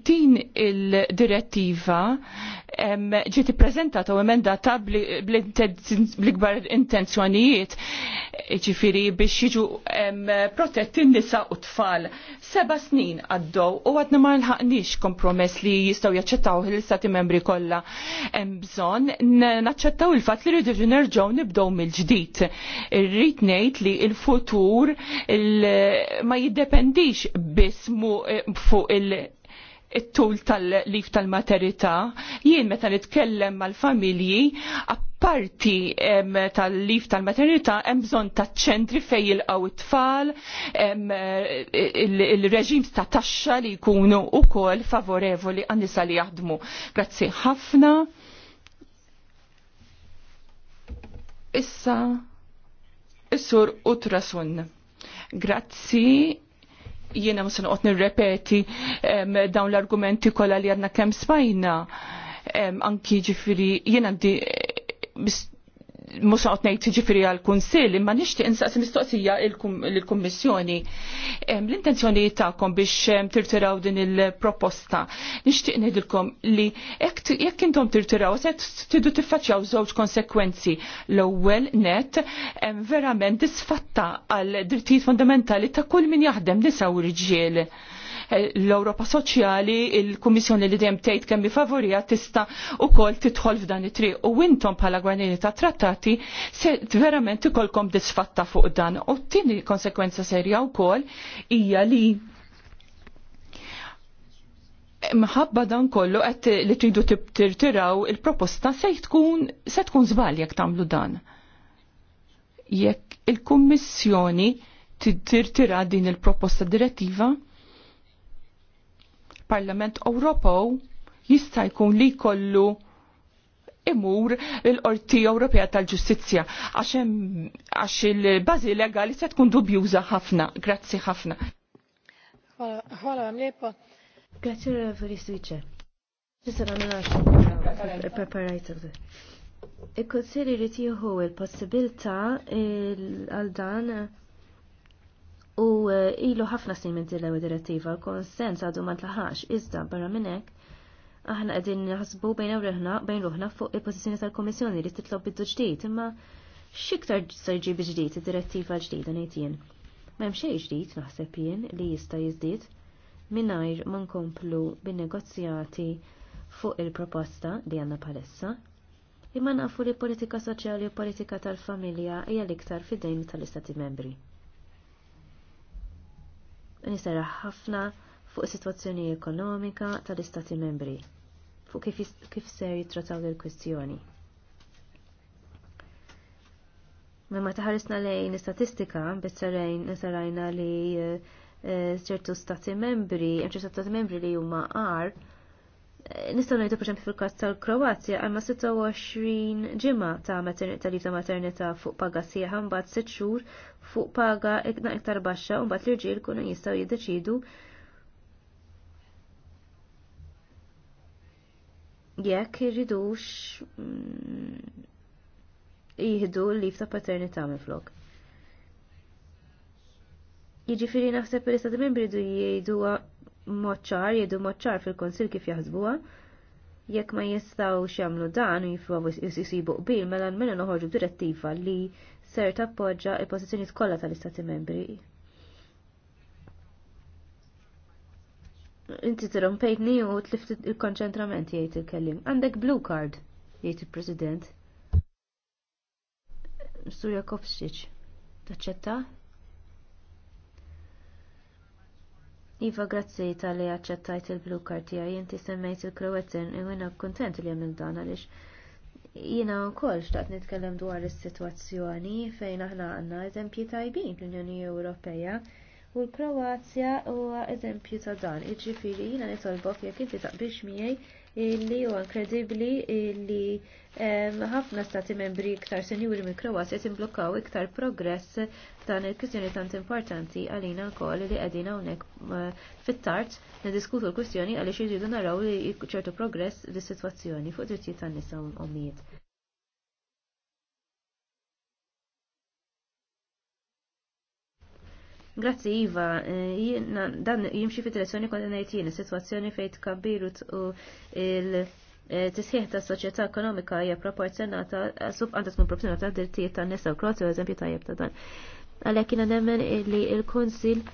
din il-direttiva ġiet ippreżentata u emendata bl-ikbar intenzjonijiet ġifiri biex jiġu protetti n-nisa u tfal. Seba snin għaddew u għadna ma nħaqniex kompromess li jistgħu jaċċettaw l-istati membri kollha hemm bżonn naċċettaw il-fatt li rridu nerġgħu nibdew mill-ġdid. Irrid ngħid li l-futur ma jiddependix biss fuq il- it-tul tal-lif tal-materità, jien meta nitkellem mal-familji, parti tal-lif tal-maternità hemm bżonn ta' ċentri fejn jilqgħu it-tfal, il-reġim ta' taxxa li jkunu wkoll favorevoli għan nisa li jaħdmu. Grazzi ħafna. Issa, is-sur Utrasun. Grazzi jiena musan qot nirrepeti dawn l-argumenti kollha li għandna kemm smajna anki ġifiri jiena għandi mux għot nejt ġifiri għal-Kunsil, imma nishti insaqsi mistoqsija l-Kommissjoni. L-intenzjoni ta'kom biex tirtiraw din il-proposta. Nishti nidilkom li jekk intom tirtiraw, set tidu tiffaċjaw żewġ konsekwenzi. L-ewwel net verament disfatta għal drittijiet fundamentali ta' kull min jaħdem nisa u rġiel l-Europa Soċjali, il-Kummissjoni li dejjem tgħid kemm favorija tista' ukoll tidħol f'dan it-triq u intom bħala gwanini ta' trattati se verament ikolkom disfatta fuq dan. U t-tieni konsekwenza serja wkoll hija li mħabba dan kollu qed li tridu tirtiraw il-proposta se tkun se tkun żbal jekk tagħmlu dan. Jekk il-Kummissjoni tirtira din il-proposta direttiva, il-Parlament Ewropew jista' jkun li kollu imur l-Qorti Ewropea tal-Ġustizzja għax il-bażi legali se tkun dubjuża ħafna. Grazzi ħafna. Ħola mlepo. Grazzi Reveri Switcher. Ġisana minna preparajt il konsili rritiju jieħu il-possibilta għal dan U e, ilu ħafna snin minn din direttiva, l-konsens għadu ma tlaħax, iżda barra minnek, aħna qegħdin nħasbu bejn ruħna bejn ruħna fuq il-pożizzjoni tal komissjoni li titlob biddu ġdid, imma x'iktar ser ġib ġdid id-direttiva ġdida ngħid jien. M'hemm xejn ġdid naħseb jien li jista' jiżdied mingħajr ma nkomplu bin-negozjati fuq il-proposta li għandna palessa, Imma nafu li politika soċjali u politika tal-familja hija l-iktar fid-dejn tal-Istati membri nisara ħafna fuq is-sitwazzjoni ekonomika tal-Istati membri fuq kif, kif ser il-kwestjoni. Mimma taħarisna lejn statistika, bitzarajn nisarajna li eh, eh, ċertu stati membri, ċertu stati membri li huma għar, Nistaw ngħidu pereżempju fil kas tal-Kroazja għamma 26 ġimgħa ta' tal-lif ta' maternità fuq paga sieħa mbagħad 6 xhur fuq paga ikna iktar baxxa u mbagħad l-irġiel kunu jistgħu jiddeċidu jekk irridux mm, jihdu l-lif ta' paternità minflok. Jiġifieri naħseb li stati membri jgħidu moċċar, jedu moċċar fil-konsil kif jaħsbuha. Jekk ma jistaw xamlu dan u jisibu qbil mela minna noħorġu direttiva li ser tappoġġa il-pożizzjoni kollha tal-Istati Membri. Inti tirompejtni u tlift il-konċentrament jgħid il-kellim. Għandek blue card, jgħid il-President. Surja Kofsic, taċċetta? Iva, grazzi tal-li għacċettajt il-blu kartija, jinti semmejt il-Kroatin, u kontent li għamil dan għalix. Jina u koll xtaqt nitkellem dwar is-situazzjoni fejn aħna għanna eżempji tajbin l-Unjoni Ewropea u l-Kroazja huwa eżempju ta' dan. Jiġifieri jiena nitolbok jekk inti taqbilx miegħi li huwa inkredibbli li ħafna stati membri iktar senjuri minn Kroazja timblukkaw iktar progress f'dan il-kwistjoni tant importanti għalina wkoll li qegħdin hawnhekk fit-tard niddiskutu l-kwistjoni għaliex irridu naraw li ċertu progress fis sitwazzjoni fuq drittijiet tan-nisa u Grazzi Iva, eh, dan jimxi fit direzzjoni kont ngħid jien, is-sitwazzjoni fejn tkabbiru u il eh, tisħiħ ta' soċjetà ekonomika hija proporzjonata sub għandha tkun proporzjonata ta' dirtijiet tan-nisa u kroti eżempju tajjeb ta' dan. Għalhekk jiena nemmen li l-Kunsil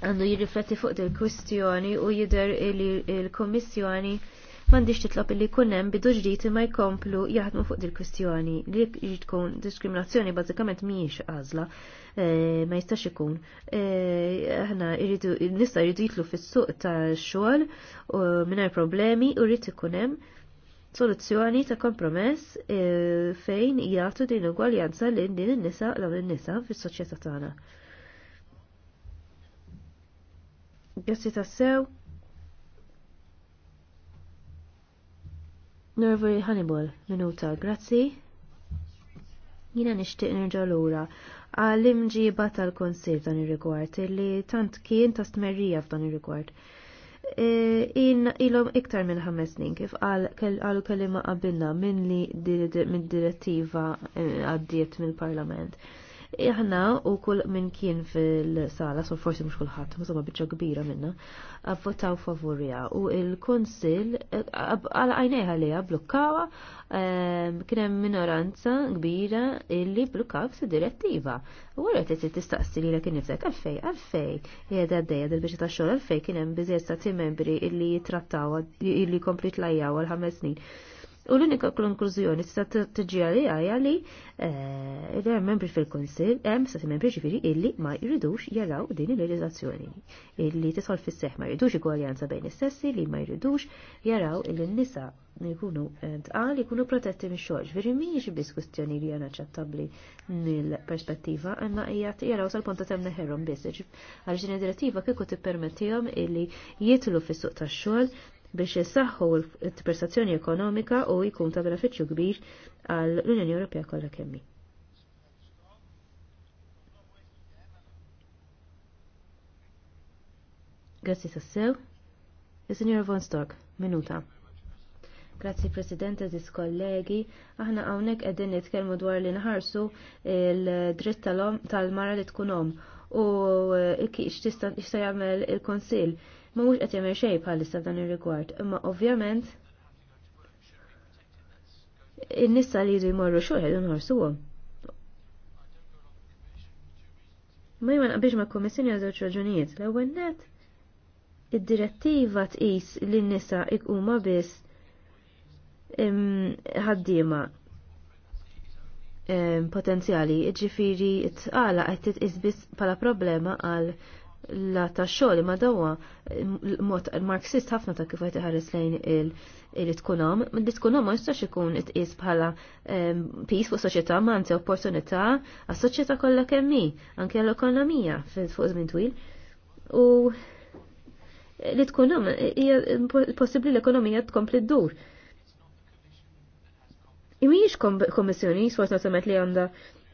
għandu jirrifletti fuq il kwistjoni u jidher li l-Kummissjoni il m'għandix titlob illi jkun hemm bidu ġdid ma jkomplu jaħdmu fuq dil-kwistjoni li ġi tkun diskriminazzjoni bażikament mhijiex għażla eh, ma jistax ikun. Eh, aħna jridu nista' jridu jitlu fis-suq tax-xogħol mingħajr problemi u rrid ikun hemm soluzzjoni ta' kompromess eh, fejn jagħtu din l-ugwaljanza lil din in-nisa l nisa fis-soċjetà tagħna. Grazzi tassew. Nervi Hannibal, minuta, grazzi. Jina nishtiq nerġa' lura għal imġiba tal-konsil dan ir-rigward li tant kien ta' stmerrija f'dan ir-rigward. E, in ilhom iktar minn ħames snin kif qalu kelima qabilna minn li mid-direttiva e, għaddiet mill-Parlament. Aħna u kull minn kien fil-sala, so forsi mux kullħat, mużama bieċa kbira minna, votaw favorija u il-konsil għal għajnejħa li blokkawa ehm, kienem minoranza kbira illi blokkaw f'sa direttiva. U għara t tistaqsi li l-kien jifzek, għalfej, għalfej, jeda d-deja dil-bieċa ta' xol għalfej kienem bizzesta ti membri illi jitrattaw illi komplit lajjaw għal-ħames snin U l-unika konklużjoni tista' tiġi li għajja li hemm eh, membri fil-Kunsill hemm sa membri ġifiri illi ma jridux jaraw din il-realizzazzjoni illi tisħol fis-seħ ma jridux igwaljanza bejn is-sessi li ma jridux jaraw illi n-nisa jikunu eh, tqal jkunu protetti mix-xogħol. Veri mhijiex biss kwistjoni li għana ċattabli mill-perspettiva għanna jgħat jaraw sal-ponta temna neħerhom biss. Għaliex din id-direttiva kieku tippermettihom illi jitlu fis-suq tax-xogħol biex jisaxħu l-prestazzjoni ekonomika u jkun ta' benefiċċju kbir għall unjoni Ewropea kollha kemmi. Grazzi tassew. Il-Signor Von Stork, minuta. Grazzi President, eżis kollegi, aħna għawnek għedin nitkelmu dwar li nħarsu il-dritt tal-mara li tkunom u eh, kiex tista' jagħmel il-Konsil Ma mhux qed jagħmel xejn bħalissa dan ir-rigward, imma ovvjament in-nisa li jridu jmorru xogħol inħorsuhom. Ma jman qabiex ma' kummissjoni għal żewġ raġunijiet. L-ewwel net id-direttiva tqis li n-nisa huma biss ħaddiema potenzjali, ġifiri tqala qed titqis biss bħala problema għal la ta' xogħol ma dawa mod marxist ħafna ta' kif qed iħares lejn il tkun il li ma jistax ikun itqies bħala pis fuq soċjetà ma anzi opportunità għas-soċjetà kollha kemm hi, anke l-ekonomija fuq żmien twil. U li tkun hemm hija possibbli l-ekonomija tkompli ddur. Imiex kommissjoni sfortunatament li għandha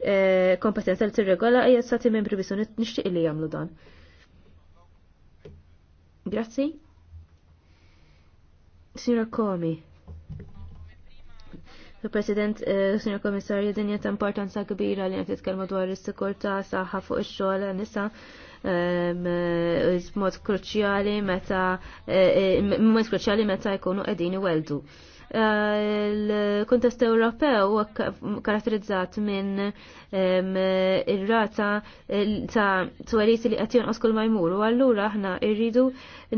eh, kompetenza li tirregola hija stati membri bisunit nixtieq li jagħmlu dan. Grazzi. Comi, Komi. President, eh, signor Commissario, dinja ta' importanza kbira li għet kelma dwar is-sikurta saħħa fuq ix-xogħol nisa eh, mod kruċjali meta eh, mod kruċjali meta jkunu qegħdin iweldu l-kontest Ewropew karatterizzat minn ir-rata eh, ta' twelit li qed jonqos kull ma jmur u allura aħna rridu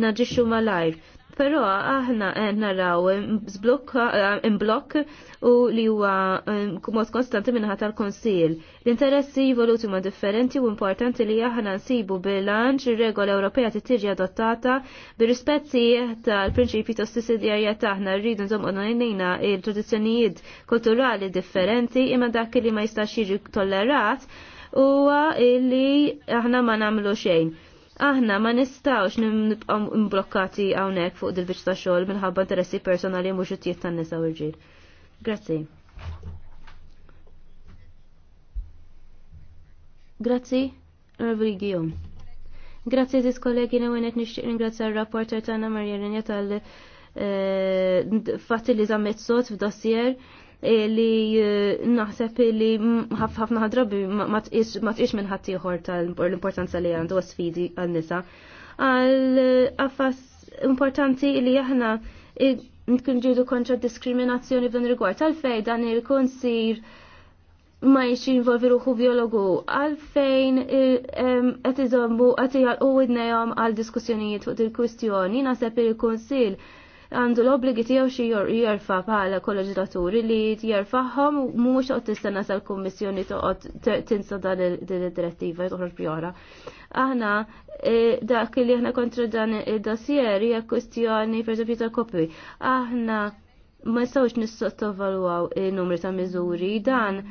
naġixxu malajr. Però aħna naraw eh, imblok u li huwa eh, mod konstanti minnaħat tal-Konsil. L-interessi jivoluti ma differenti u importanti li aħna nsibu bilanċ regola Ewropea tittiġi adottata bir-rispetti tal-prinċipi ta' sussidjarjetà aħna rridu nżommu nejnejna il-tradizzjonijiet kulturali differenti imma dak li ma jistax jiġi tollerat huwa li aħna ma nagħmlu xejn. Aħna ma nistawx nibqgħu mblokkati hawnhekk fuq dil biċċ ta' xogħol minħabba interessi personali mhux it-tiet tan-nisa u rġiel. Grazzi. Grazzi, Revri Gijom. Grazzi ziz kollegi na għenet nishtiq ringrazzja r-rapporter tagħna Marja tal eh, fatti li zammet sot f'dossier li eh, naħseb li ħafna ħadrabi ma tqix minn ħaddieħor tal-importanza li għandu sfidi għan-nisa. Għal eh, affas importanti li aħna eh, nkun ġidu kontra diskriminazzjoni b'dan rigward għalfejn dan il sir ma jiex jinvolvi ruħu biologu għalfejn qed iżommu qed jgħalqu widnejhom għal diskussjonijiet fuq il-kwistjoni naħseb il-kunsil għandu l-obbligi tiegħu xi jerfa' bħala kolleġraturi li jerfa'hom mhux qed tistenna sal-kummissjoni toqgħod tinsa dan id-direttiva toħroġ bjora. Aħna dak li aħna kontra dan id-dossier hija kwestjoni pereżempju ta' kopi Aħna ma nistgħux nissottovalwaw in-numri ta' miżuri dan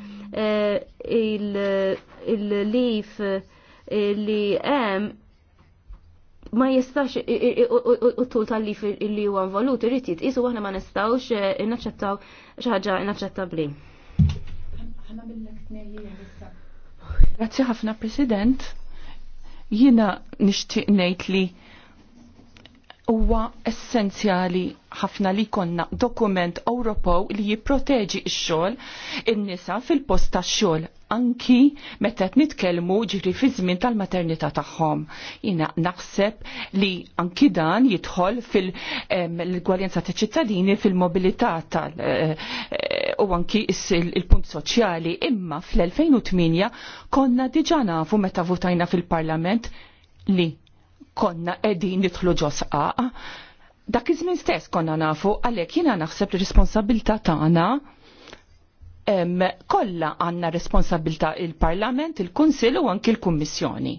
il-lif li hemm ma jistax u-tul tal-lif li huwa involut irrid isu aħna ma nistawx eh, inaċċettaw xi ħaġa inaċċettabbli. Grazzi ħafna President. Jiena nixtieq ngħid li huwa essenzjali ħafna li konna dokument Ewropew li jipproteġi x-xogħol in-nisa fil-post tax-xogħol anki meta nitkellmu ġifri fi żmien tal-maternità tagħhom. Jiena naħseb li anki dan jidħol fil-gwaljenza ta' ċittadini fil-mobilità tal- eh, eh, u anki il-punt soċjali imma fl-2008 konna diġa nafu meta votajna fil-parlament li konna edin nitħlu ġosqa dak iż-żmien stess konna nafu għalhekk jiena naħseb li responsabilità tagħna kollha għandna responsabilta il-Parlament, il-Kunsill u anki l-Kummissjoni.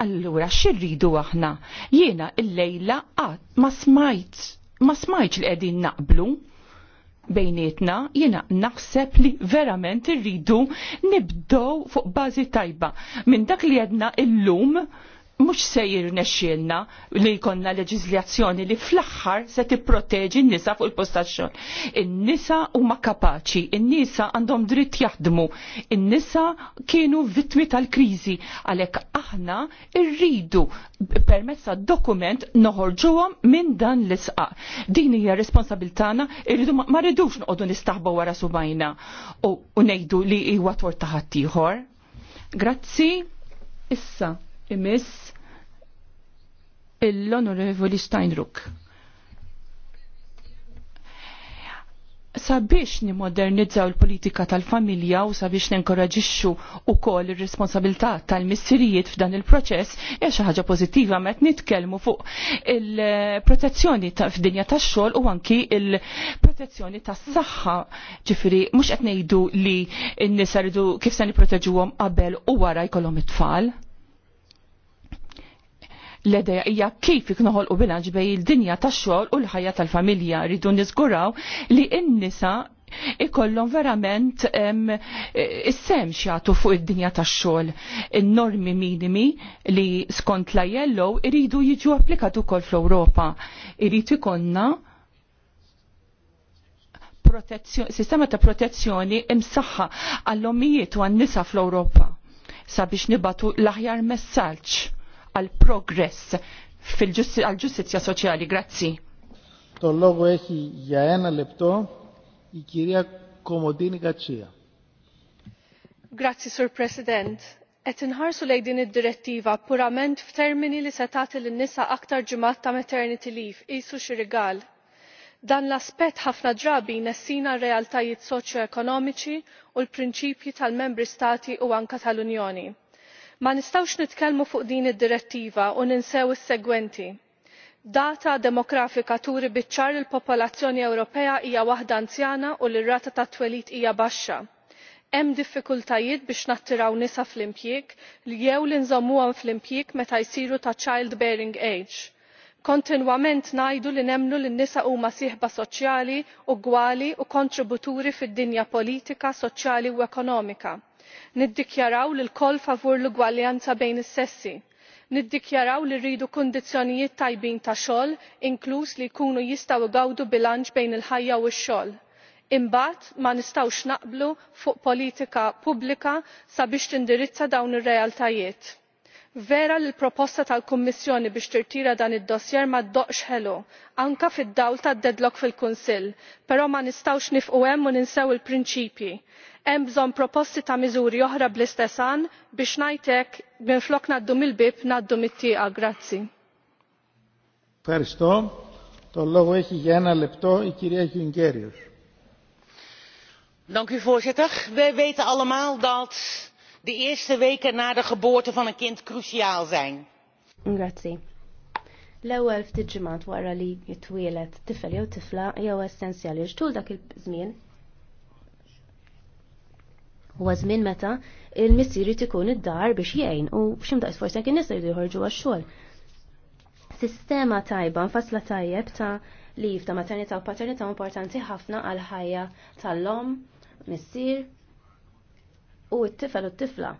Allura xirridu aħna? Jiena il-lejla għad ma smajt ma smajtx li qegħdin naqblu bejnietna jiena naħseb li verament irridu nibdow fuq bażi tajba minn dak li għedna illum mux sejjir nexxielna li jkonna leġizlazzjoni li fl-axħar se tipproteġi n-nisa fuq il postazzjon In-nisa huma kapaċi, in-nisa għandhom dritt jaħdmu, in-nisa kienu vittmi tal-kriżi għalhekk aħna rridu permezz dokument noħorġuhom minn dan l-isqaq. Din hija responsabiltana irridu ma rridux noqogħdu nistaħbu wara subajna u ngħidu li huwa tort taħat Grazzi. Issa imiss l-Onorevoli Steinruck. Sabiex nimodernizzaw il-politika tal-familja u sabiex ninkoraġixxu koll ir-responsabilità tal-missirijiet f'dan il-proċess hija xi ħaġa pożittiva met nitkellmu fuq il-protezzjoni ta f'dinja tax-xogħol u anki il-protezzjoni tas-saħħa. Ġifieri mhux qed ngħidu li n-nisa kif se nipproteġuhom qabel u wara jkollhom it-tfal l-edeja hija kif iknoħol u bilanċ bej il-dinja tax-xogħol u l-ħajja tal-familja rridu niżguraw li n-nisa ikollhom verament is-sem xjatu fuq id-dinja tax-xogħol. In-normi minimi li skont la jellow iridu jiġu applikat ukoll fl-Ewropa. Irid ikonna sistema ta' protezzjoni imsaħħa għall-omijiet u għan-nisa fl-Ewropa sabiex nibatu l-aħjar messaġġ għal progress fil-ġustizja soċjali. Grazzi. Tollogu eħi έχει lepto, ένα λεπτό η κυρία Κομοντίνη Κατσία. Sir President. Qed inħarsu lejn din id-direttiva purament f'termini li se tagħti lin-nisa aktar ġimgħat ta' maternity leave isu xi rigal. Dan l-aspett ħafna drabi nessina r-realtajiet soċjoekonomiċi u l-prinċipji tal-membri stati u anke tal-Unjoni ma nistgħux nitkellmu fuq din id-direttiva u ninsew is-segwenti data demografika turi biċ-ċar li l-popolazzjoni ewropea hija waħda anzjana u li r-rata ta' twelid hija baxxa hemm diffikultajiet biex nattiraw nisa fl-impjieg jew li nżommuhom fl-impjieg meta jsiru ta' child bearing age. Kontinwament ngħidu li nemmnu li n-nisa huma sieħba soċjali ugwali u kontributuri fid-dinja politika, soċjali u ekonomika niddikjaraw li lkoll favur l-ugwaljanza bejn is-sessi niddikjaraw li rridu kundizzjonijiet tajbin ta' xogħol inkluż li jkunu jistgħu jgawdu bilanċ bejn il-ħajja u x-xogħol. imbagħad ma nistgħux naqblu fuq politika pubblika sabiex tindirizza dawn ir-realtajiet. vera li l-proposta tal-kummissjoni biex tirtira dan id-dossier ma ddoqx ħelu anke fid-dawl tad-deadlock fil-kunsill però ma nistgħux nifqu hemm u ninsew il-prinċipji hemm bżonn proposti ta' miżuri oħra bl-istess għan biex ngħid hekk minflok ngħaddu mill-bib ngħaddu mit-tieqa. Grazzi. Ευχαριστώ. Το λόγο έχει για ένα λεπτό η κυρία Γιουγκέριος. Dank u voorzitter. We weten allemaal dat de eerste weken na de geboorte van een kind cruciaal zijn. Grazie. L-ewwel ftit ġimgħat wara li jitwielet tifel jew tifla jew essenzjali x'tul dak il-żmien U' żmien meta il missiri ikun id-dar biex jgħin u x'imdaqs forsi kien nista' jdu jħorġu għax-xogħol. Sistema tajba nfasla tajjeb ta' liv ta' maternita u paternita importanti ħafna għal ħajja tal-lom, missier u t-tifel u t-tifla.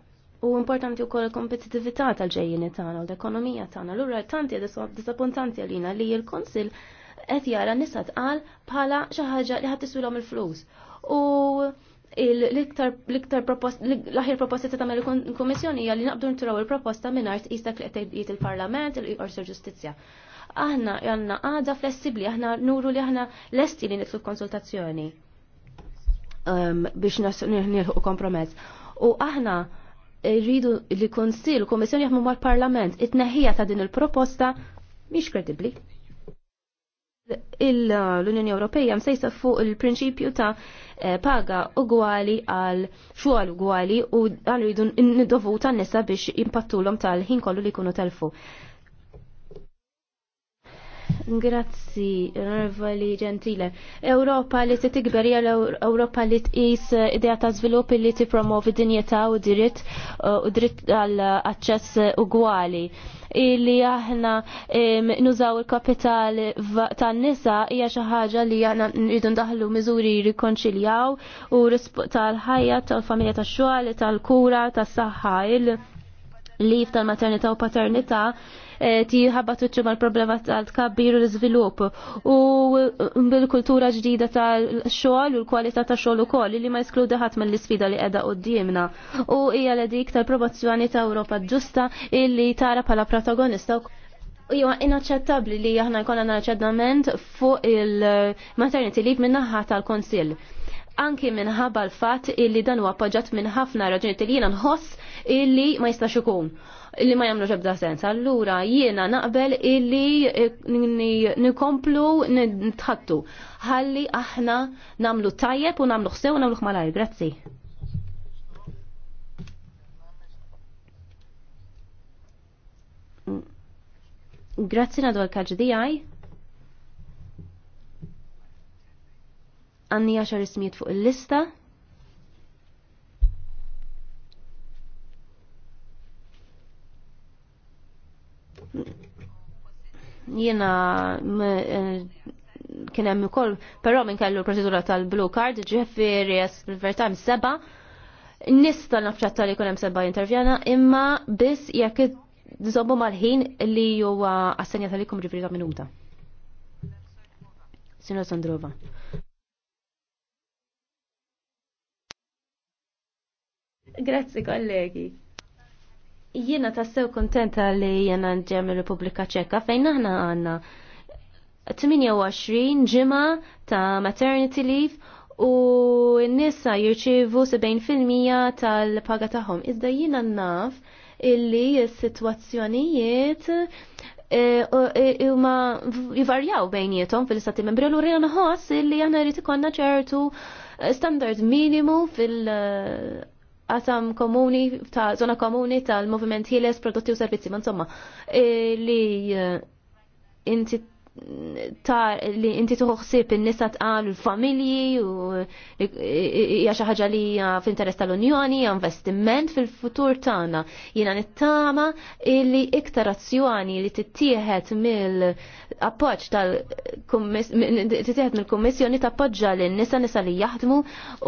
U importanti wkoll il-kompetitività tal-ġejjini tagħna u l-ekonomija tagħna. L-ura tanti disappuntanti għalina li l-Konsil qed jara nisa tqal bħala xi ħaġa li ħadd tisulhom il-flus. U l-iktar proposta, l-aħjar proposta ta' tagħmel il-Kummissjoni hija li naqbdu ntraw il-proposta mingħajr jistak li qed il-Parlament il qorsu Ġustizzja. Aħna għandna għada flessibbli, aħna nuru li aħna lesti li nitlu konsultazzjoni um, biex nilħu kompromess. U aħna rridu li konsil, kummissjoni jaħmu mal-Parlament, it-neħija ta' din il-proposta mhix kredibbli l-Unjoni Ewropeja msejsa fuq il-prinċipju ta' paga ugwali għal xogħol ugwali u għal ridu n-dovuta nisa biex impattulhom tal-ħin kollu li jkunu telfu. Grazzi, li Gentile. Europa li titikber hija l-Europa li tqis eh, idea ta' żvilupp li tippromovi dinjeta u dritt eh, u dritt għal aċċess ugwali. Illi aħna nużaw il-kapital tan-nisa hija xi ħaġa li aħna nridu ndaħlu miżuri rikonċiljaw u tal-ħajja tal-familja tax-xogħol, tal-kura, tas-saħħa, lif tal-maternità u paternità eh, tiħabbat uċċu mal problema tal-tkabbir u l-izvilup u eh, bil-kultura ġdida tal-xogħol u l-kwalità ta' xogħol ukoll li ma jeskluda ħadd mill-isfida li qiegħda qudiemna. U hija l dik tal-promozzjoni ta' Ewropa ġusta illi tara bħala protagonista Iwa, inaċċettabli li aħna jkollna naċċettament fuq il-maternity leave minnaħħa tal-Konsil anki minħabba l-fat illi dan huwa appoġġat minn ħafna raġuni li jiena nħoss illi ma jistax ikun illi ma jagħmlu ġebda sens. Allura jiena naqbel illi eh, nikomplu nitħattu. Ħalli aħna namlu tajjeb u namlu ħsew u namlu ħmalaj. Grazzi. Grazzi nadu għal-kaġ għanni 10 ismijiet fuq il-lista. Jena eh, kien hemm ukoll però minn kellu l-proċedura tal-blue card, ġifieri time seba' nista nafċatta li kunem seba' jintervjana imma biss jekk nżommu mal-ħin li huwa assenjata likum ġifri ta' minuta. Sinu Sandrova. Grazzi kollegi. Jiena tassew kontenta li jena nġem il-Repubblika Ċeka fejn aħna għanna 28 ġimgħa ta' maternity leave u n-nisa jirċivu 70% tal-paga tagħhom. Iżda jiena naf illi s-sitwazzjonijiet eh, eh, eh, huma jivarjaw bejnietom fil-istati membri l rejna ħoss illi aħna rrid ikollna ċertu standard minimu fil- qasam komuni ta' zona komuni tal-moviment ħieles prodotti u servizzi, ma' insomma, eh, li eh, inti tar li inti tuħsib in-nisa tqal il-familji u hija xi ħaġa li hija f'interess tal-Unjoni, hija investiment fil-futur tagħna. Jiena nittama li iktar azzjoni li tittieħed mill-appoġġ tal-tittieħed mill-Kummissjoni tappoġġa lin nisa nisa li jaħdmu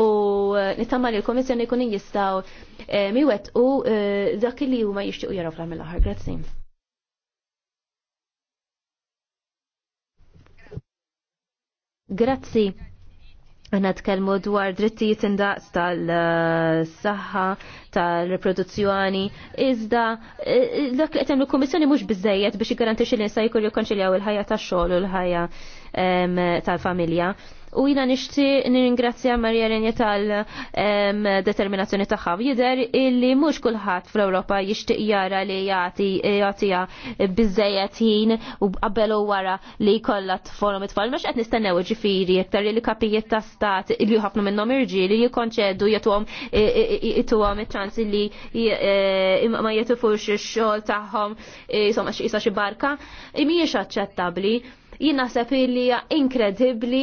u nittama li l-Kummissjoni jkun jistgħu eh, miwet u eh, dak li huma jixtiequ jaraw fl mill-aħħar. Grazzi. Grazzi. Għana tkellmu dwar drittijiet indaqs tal-saħħa, tal-reproduzzjoni, iżda e, e, dak li qed l kummissjoni mhux biżejjed biex jgarantixxi li nsa jkun jikkonċiljaw il-ħajja tax-xogħol u l-ħajja tal-familja u jina nishti ningrazzja Marja Renja tal-determinazzjoni tagħha. Jider illi mhux kulħadd fl-Ewropa jixtieq jara li jagħti jagħtiha biżejjed ħin u qabel wara li jkollha tfolhom it-tfal mhux qed nistennew ġifieri iktar li kapijiet ta' stat li ħafna minnhom irġieli jikkonċedu jagħtuhom jituhom iċ-ċans li e, ma jitufux ix-xogħol tagħhom insomma xi barka mhijiex aċċettabbli Jien naħseb li inkredibbli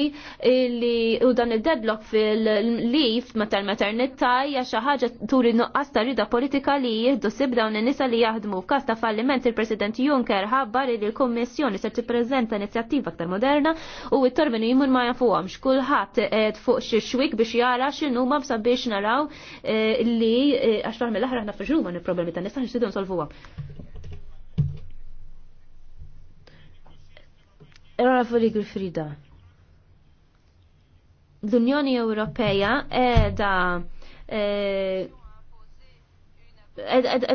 li u dan il-deadlock fil-lif mater maternità hija xi ħaġa turi nuqqas ta' rida politika li jieħdu sibda dawn in-nisa li jaħdmu f'każ ta' falliment il-President Juncker ħabbar li l-Kummissjoni se tippreżenta inizjattiva aktar moderna u it torbenu jimur ma jafuhom x'kulħadd qed fuq xi xwik biex jara x'inhuma sabiex naraw eh, li eh, għax l aħra ħna f'xuma il-problemi tan nisa nixtidu nsolvuhom. Rora fuq Frida. L-Unjoni Ewropea edha eh,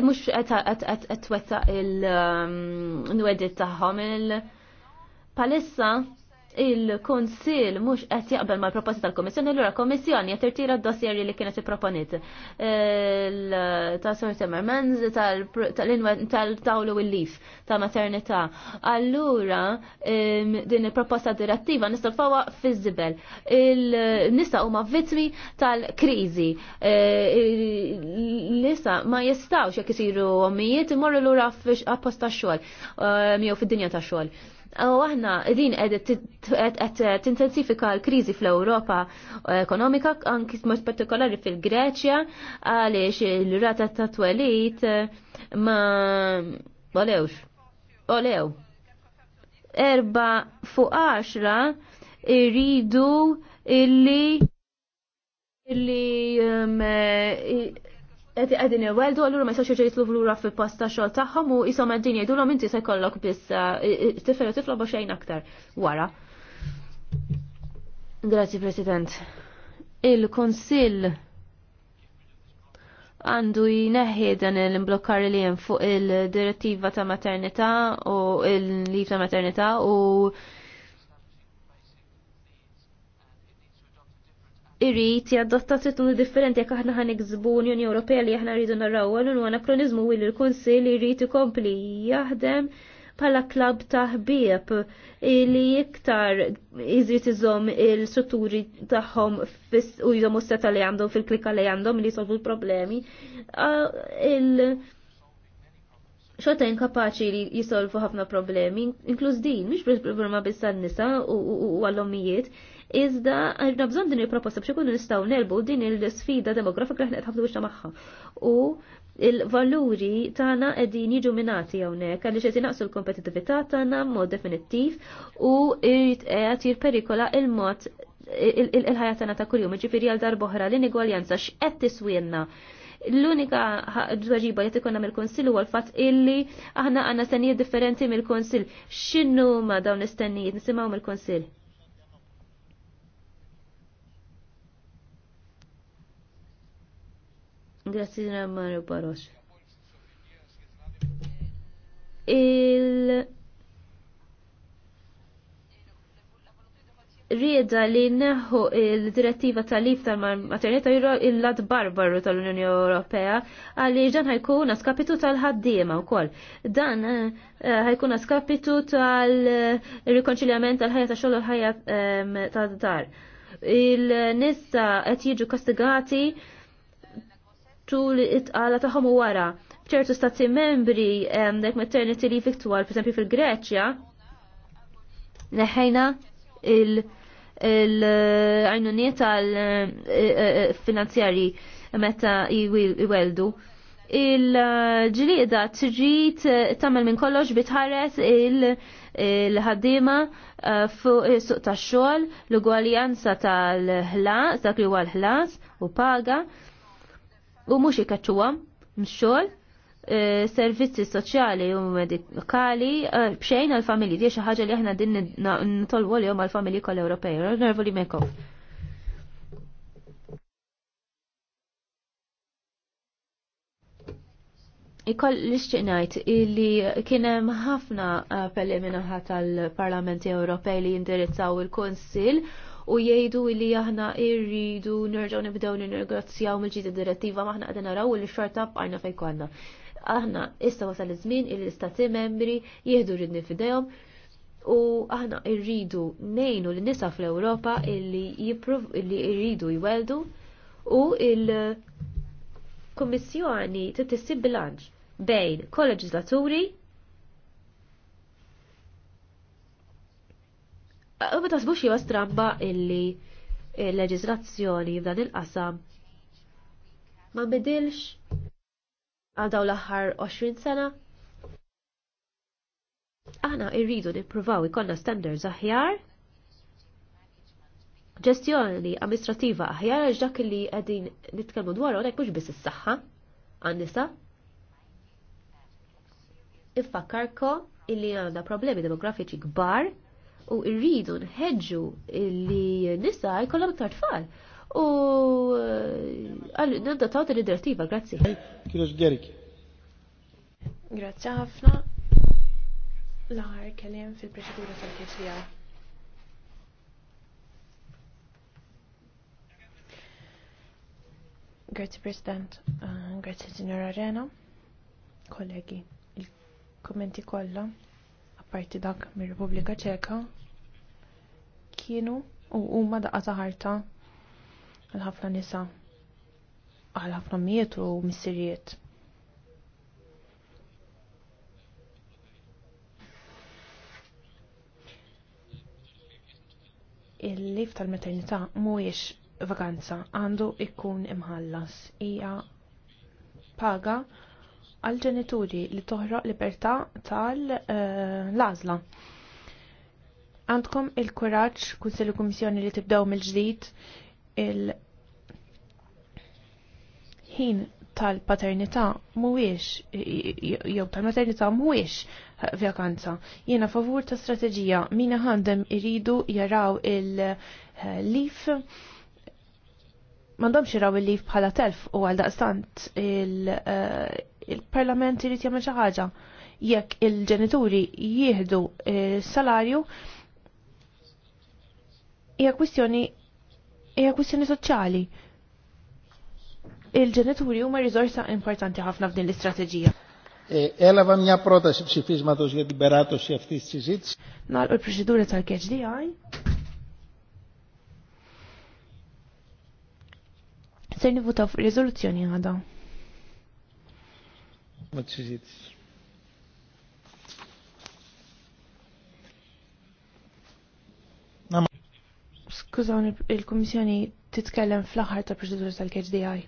mux għetwetta il-nwedit um, taħħom il-palissa il-Konsil mhux qed jaqbel mal-proposta tal l allura Komissjoni qed irtira d dossieri li kienet ipproponit ta' Sir Timmermans tal-tawlu il-lif ta' maternità. Allura din il-proposta direttiva nistgħu fawa fizzibel. Il-nisa huma vittmi tal-kriżi. Nista' e, ma jistgħux jekk isiru ommijiet imorru lura f'apposta xogħol jew fid-dinja ta' xogħol. U aħna din qed tintensifika l-kriżi fl-Ewropa ekonomika anki mod partikolari fil-Greċja għaliex il-rata ta' twelit ma olewx. Olew. Erba fuq għaxra irridu illi illi um, għedin qegħdin iweldu allura ma jisaxħu ġejtlu vlura lura fil-post ta' xogħol tagħhom u ishom qegħdin jgħidulhom inti se jkollok eh, eh, eh, tifel u tifla xejn aktar wara. Grazie President. il konsil għandu jneħħi dan l-imblokkar li jen fuq il-direttiva ta' maternità u il-lif ta' maternità u irrit jaddotta tituni differenti jekk aħna ħan Unjoni Ewropea li aħna rridu narraw għal għana kronizmu għil l konsil li jrid ikompli jaħdem bħala klab ta' ħbieb li iktar iżrid iżom il-strutturi tagħhom u jżomu seta li għandhom fil-klika li għandhom li jsolvu l-problemi. Ah, xorta inkapaċi li jisolvu ħafna problemi, inkluż din, mhix problema biss nisa u għall-ommijiet, iżda għandna bżonn din il-proposta biex ikunu nistgħu nelbu din il-sfida demografika li qed ħafna biex magħha. U il-valuri tagħna qegħdin jiġu minati hawnhekk għaliex qed inaqsu l kompetitivita tagħna mod definittiv u qed jirperikola il-mod il-ħajja tagħna ta' kuljum, ġifieri għal darboħra l-inigwaljanza x'qed tiswienna L-unika ġwaġiba li tikonna mill-Konsil huwa l-fatt illi aħna għandna stennijiet differenti mill-Konsil. X'inhu ma dawn l-istennijiet nisimgħu mill-Konsil? Grazzi Mario Barox. Il rieda li neħu il-direttiva tal-lif tal-maternita jiro il-lat barbaru tal-Unjoni Ewropea għalli ġan ħajkun skapitu tal-ħaddiema u koll. Dan eh, ħajkun skapitu tal-rikonċiljament tal-ħajja ta' xogħol u ħajja tal dar. Il-nissa qed jiġu kastigati tul it ta' ħomu wara. ċertu stati membri dek maternity leave iktual, per fil-Greċja, neħejna il- l-għajnuniet tal-finanzjari eh, eh, eh, meta jweldu il-ġlieda trid tagħmel minn kollox bitħares il-ħaddiema fuq suq tax-xogħol, l-ugwaljanza tal-ħlas, dak li huwa l-ħlas u paga u mhux ikkaċċuha mix-xogħol. Eh, servizzi soċjali u medikali eh, bxejn għal-familji, diex ħaġa li aħna din nitolbu li għal-familji kol Ewropej. Nervu li mekov. Ikoll li xċinajt illi kien hemm ħafna appelli minaħa tal-Parlamenti Ewropej li jindirizzaw il-Kunsill u jgħidu li aħna irridu nerġgħu nibdew ninnegozjaw mill-ġdid direttiva ma aħna qegħdin naraw li xorta bqajna fejn konna aħna issa wasal iż-żmien il istati membri jieħdu ridni fidejhom u aħna rridu nejnu l nisa fl-Ewropa illi jipruv illi rridu jweldu u il-Kommissjoni titissib bilanċ bejn kolleġislaturi U ma tasbux jiva stramba illi l-leġislazzjoni f'dan il-qasam ma bidilx Għal daw l-aħħar 20 sena. Aħna irridu nippruvaw ikonna standards aħjar, ġestjoni amministrativa aħjar għax dak li qegħdin nitkellmu dwar hawnhekk mhux biss is-saħħa għan-nisa. Infakkarkom illi għandha problemi demografiċi kbar u rridu nħeġġu li nisa jkollhom iktar tfal u eh, nadattaw din id-direttiva, grazzi. Kienu ġderik. Grazzi ħafna. L-ħar kelim fil-proċedura tal kisija Grazzi President, ah, grazzi Signor Arena, kollegi, il-kommenti kollha, apparti dak mir-Repubblika Ċeka, kienu u huma daqqa ta' ħarta għal ħafna nisa għal ħafna miet u missirijiet. Il-lif tal-maternità mhuwiex vakanza għandu ikkun imħallas hija paga għal ġenituri li toħroq libertà tal lażla Għandkom il-kuraġġ kunsilli kummissjoni li tibdew mill-ġdid il-ħin tal-paternità mhuwiex jew tal-maternità mhuwiex vjakanza. Jiena favur ta' strateġija mina għandem iridu jaraw il-lif m'għandhomx jaraw il-lif bħala telf u għal daqstant eh, il-parlament irid jagħmel xi ħaġa. Jekk il-ġenituri jieħdu eh, salarju hija kwistjoni hija kwistjoni soċjali. Il-ġenituri huma riżorsa importanti ħafna f'din l-istrateġija. Έλαβα μια πρόταση ψηφίσματος για την περάτωση αυτής της συζήτησης. Να, η προσιδούρα τα KHDI. Se νιβούτα ριζολουτσιόνι γάντα. Με τη συζήτηση. Skużawni, il-Kummissjoni titkellem fl-aħħar ta' proċedura tal-KHDI.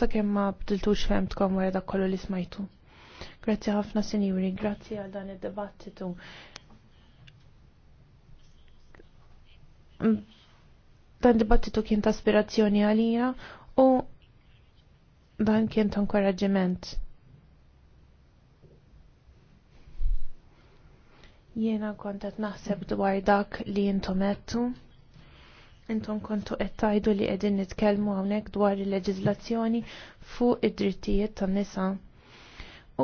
Sakemm ma bdiltux femtkom wara dak kollu li smajtu. Grazzi ħafna sinjuri, grazzi għal dan id-dibattitu. Mm, dan dibattitu kien ta' aspirazzjoni għalija u dan kien ta' inkoraġġiment. Jiena kontet naħseb dwar dak li jintom ettu. Intom kontu qed tgħidu li qegħdin nitkellmu hawnhekk dwar il-leġiżlazzjoni fuq id-drittijiet tan-nisa.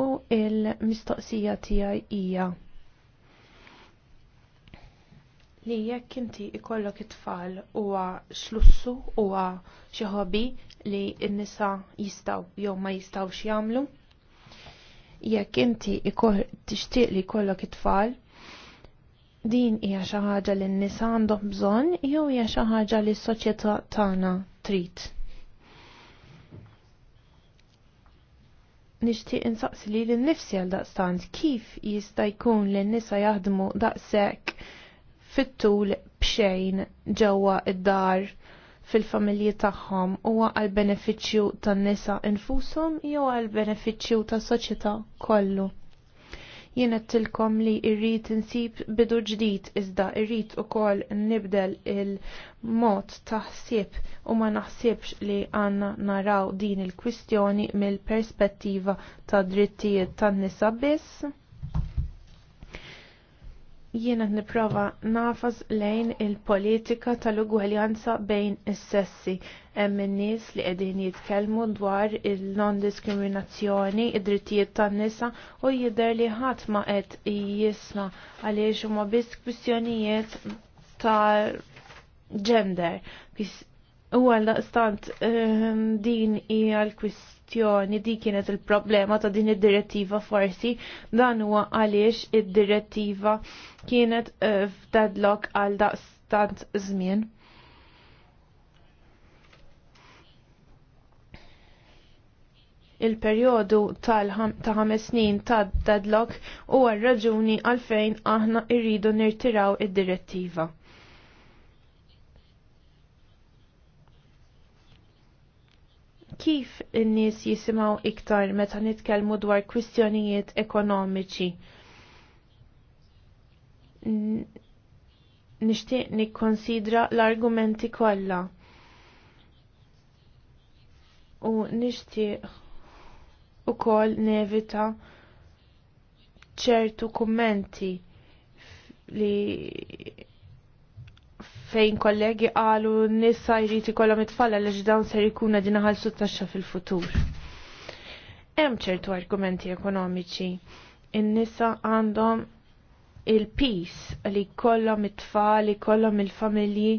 U il-mistoqsija tiegħi hija li jekk inti ikollok it-tfal huwa xlussu huwa xi ħobi li n-nisa jistgħu jew ma jistgħux jagħmlu jekk inti tixtieq li jkollok it-tfal din hija xi ħaġa li n-nisa għandhom bżonn jew hija xi ħaġa li s-soċjetà tagħna trid. Nixtieq insaqsi li l-nifsi għal daqstant kif jista' jkun li n-nisa jaħdmu daqshekk fit-tul b'xejn ġewwa id-dar fil-familji tagħhom huwa għal benefiċċju tan-nisa infushom jew għal benefiċċju tas-soċjetà kollu. Jiena tilkom li irrid insib bidu ġdid iżda irrid ukoll nibdel il-mod taħsib u ma naħsibx li għanna naraw din il-kwistjoni mill-perspettiva ta' drittijiet tan-nisa biss jiena niprofa nafas lejn il-politika tal-ugwaljanza bejn is-sessi hemm in-nies li qegħdin jitkellmu dwar il-non-diskriminazzjoni, id-drittijiet tan-nisa u jidher li ħadd ma qed jisna għaliex huma biss kwistjonijiet ta' gender. Huwa għalda daqstant ehm, din hija l-kwistjoni kwestjoni di kienet il-problema ta' din id-direttiva forsi dan huwa għaliex id-direttiva kienet eh, f'deadlock għal daqstant żmien. il-perjodu ta' ħames snin ta' deadlock huwa r-raġuni għalfejn aħna irridu nirtiraw id-direttiva. kif n-nies jisimaw iktar meta nitkellmu dwar kwistjonijiet ekonomiċi. Nixtieq nikkonsidra l-argumenti kollha. U nixtieq ukoll nevita ċertu kummenti li fejn kollegi qalu nisa jriti ikollhom it li għaliex dawn ser ikun qegħdin naħalsu taxxa fil-futur. Hemm ċertu argumenti ekonomiċi. In-nisa għandhom il-pis li kollhom it-tfal, li kollhom il-familji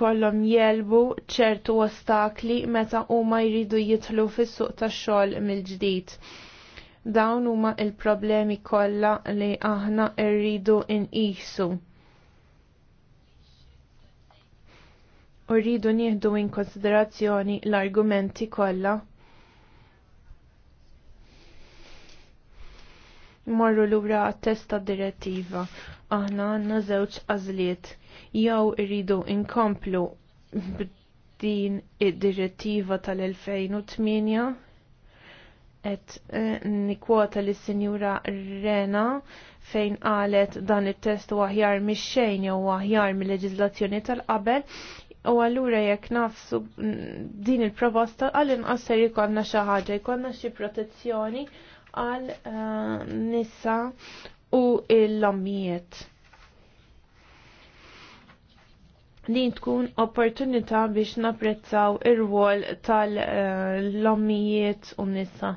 kollom jelbu ċertu ostakli meta huma jridu jidħlu fis-suq tax-xogħol mill-ġdid. Dawn huma il-problemi kollha li aħna rridu nqisu. u rridu nieħdu in konsiderazzjoni l-argumenti kollha. Morru lura għat-testa direttiva. Aħna għandna żewġ għażliet. Jew irridu inkomplu din id-direttiva tal-2008 et eh, nikwota li sinjura Rena fejn qalet dan it-test aħjar mix-xejn jew aħjar mill-leġiżlazzjoni tal-qabel U għallura jekk nafsu din il-proposta għall-inqas ser jkollna xi ħaġa, jkollna xi protezzjoni għal nissa eh, nisa u l lommijiet Din tkun opportunità biex napprezzaw ir-rwol tal eh, lommijiet u nisa.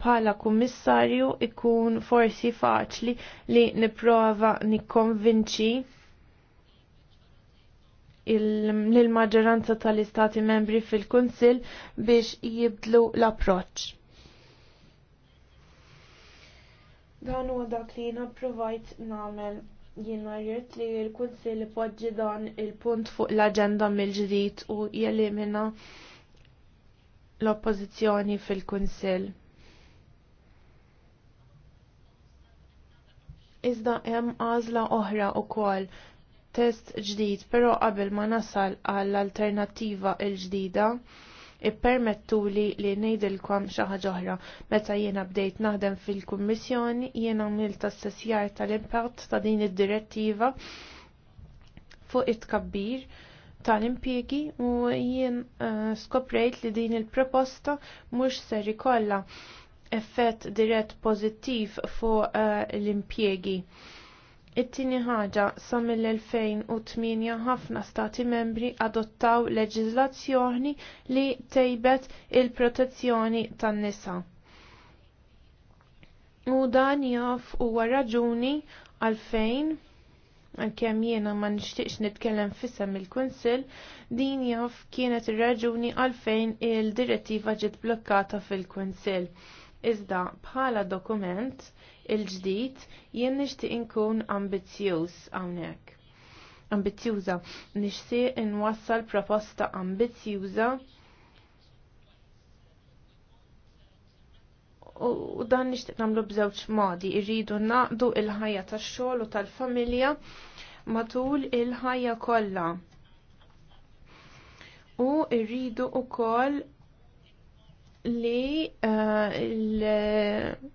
Bħala kummissarju ikun forsi faċli li nipprova nikkonvinċi l-maġġoranza tal-istati membri fil-Kunsill biex jibdlu l-approċċ. Dan huwa dak li jiena provajt nagħmel jiena rrit li l-Kunsill ipoġġi dan il-punt fuq l-aġenda mill-ġdid u jelimina l-oppożizzjoni fil-Kunsill. Iżda hemm għażla oħra wkoll test ġdid, però qabel ma nasal għall-alternattiva l-ġdida, ippermettuli li ngħidilkom xi ħaġa oħra. Meta jiena bdejt naħdem fil-Kummissjoni, jiena għamilt assessjar tal-impatt ta' din id-direttiva fuq it-kabbir tal-impjegi u jien uh, skoprejt li din il-proposta mhux ser ikolla effett dirett pożittiv fuq uh, eh, l-impjegi. It-tieni ħaġa sa mill-2008 ħafna stati membri adottaw leġiżlazzjoni li tejbet il-protezzjoni tan-nisa. U dan jaf huwa raġuni għalfejn għalkemm jiena ma nixtieqx nitkellem fissem il-Kunsill, din jaf kienet ir-raġuni għalfejn il-direttiva ġiet blokkata fil-Kunsill. Iżda bħala dokument il-ġdid jien nixtieq inkun ambizzjuż hawnhekk. Ambizzjuża nixtieq inwassal proposta ambizzjuża u dan nixtieq nagħmlu b'żewġ modi, irridu naqdu il-ħajja tax-xogħol u tal-familja matul il-ħajja kollha. U rridu wkoll li eh,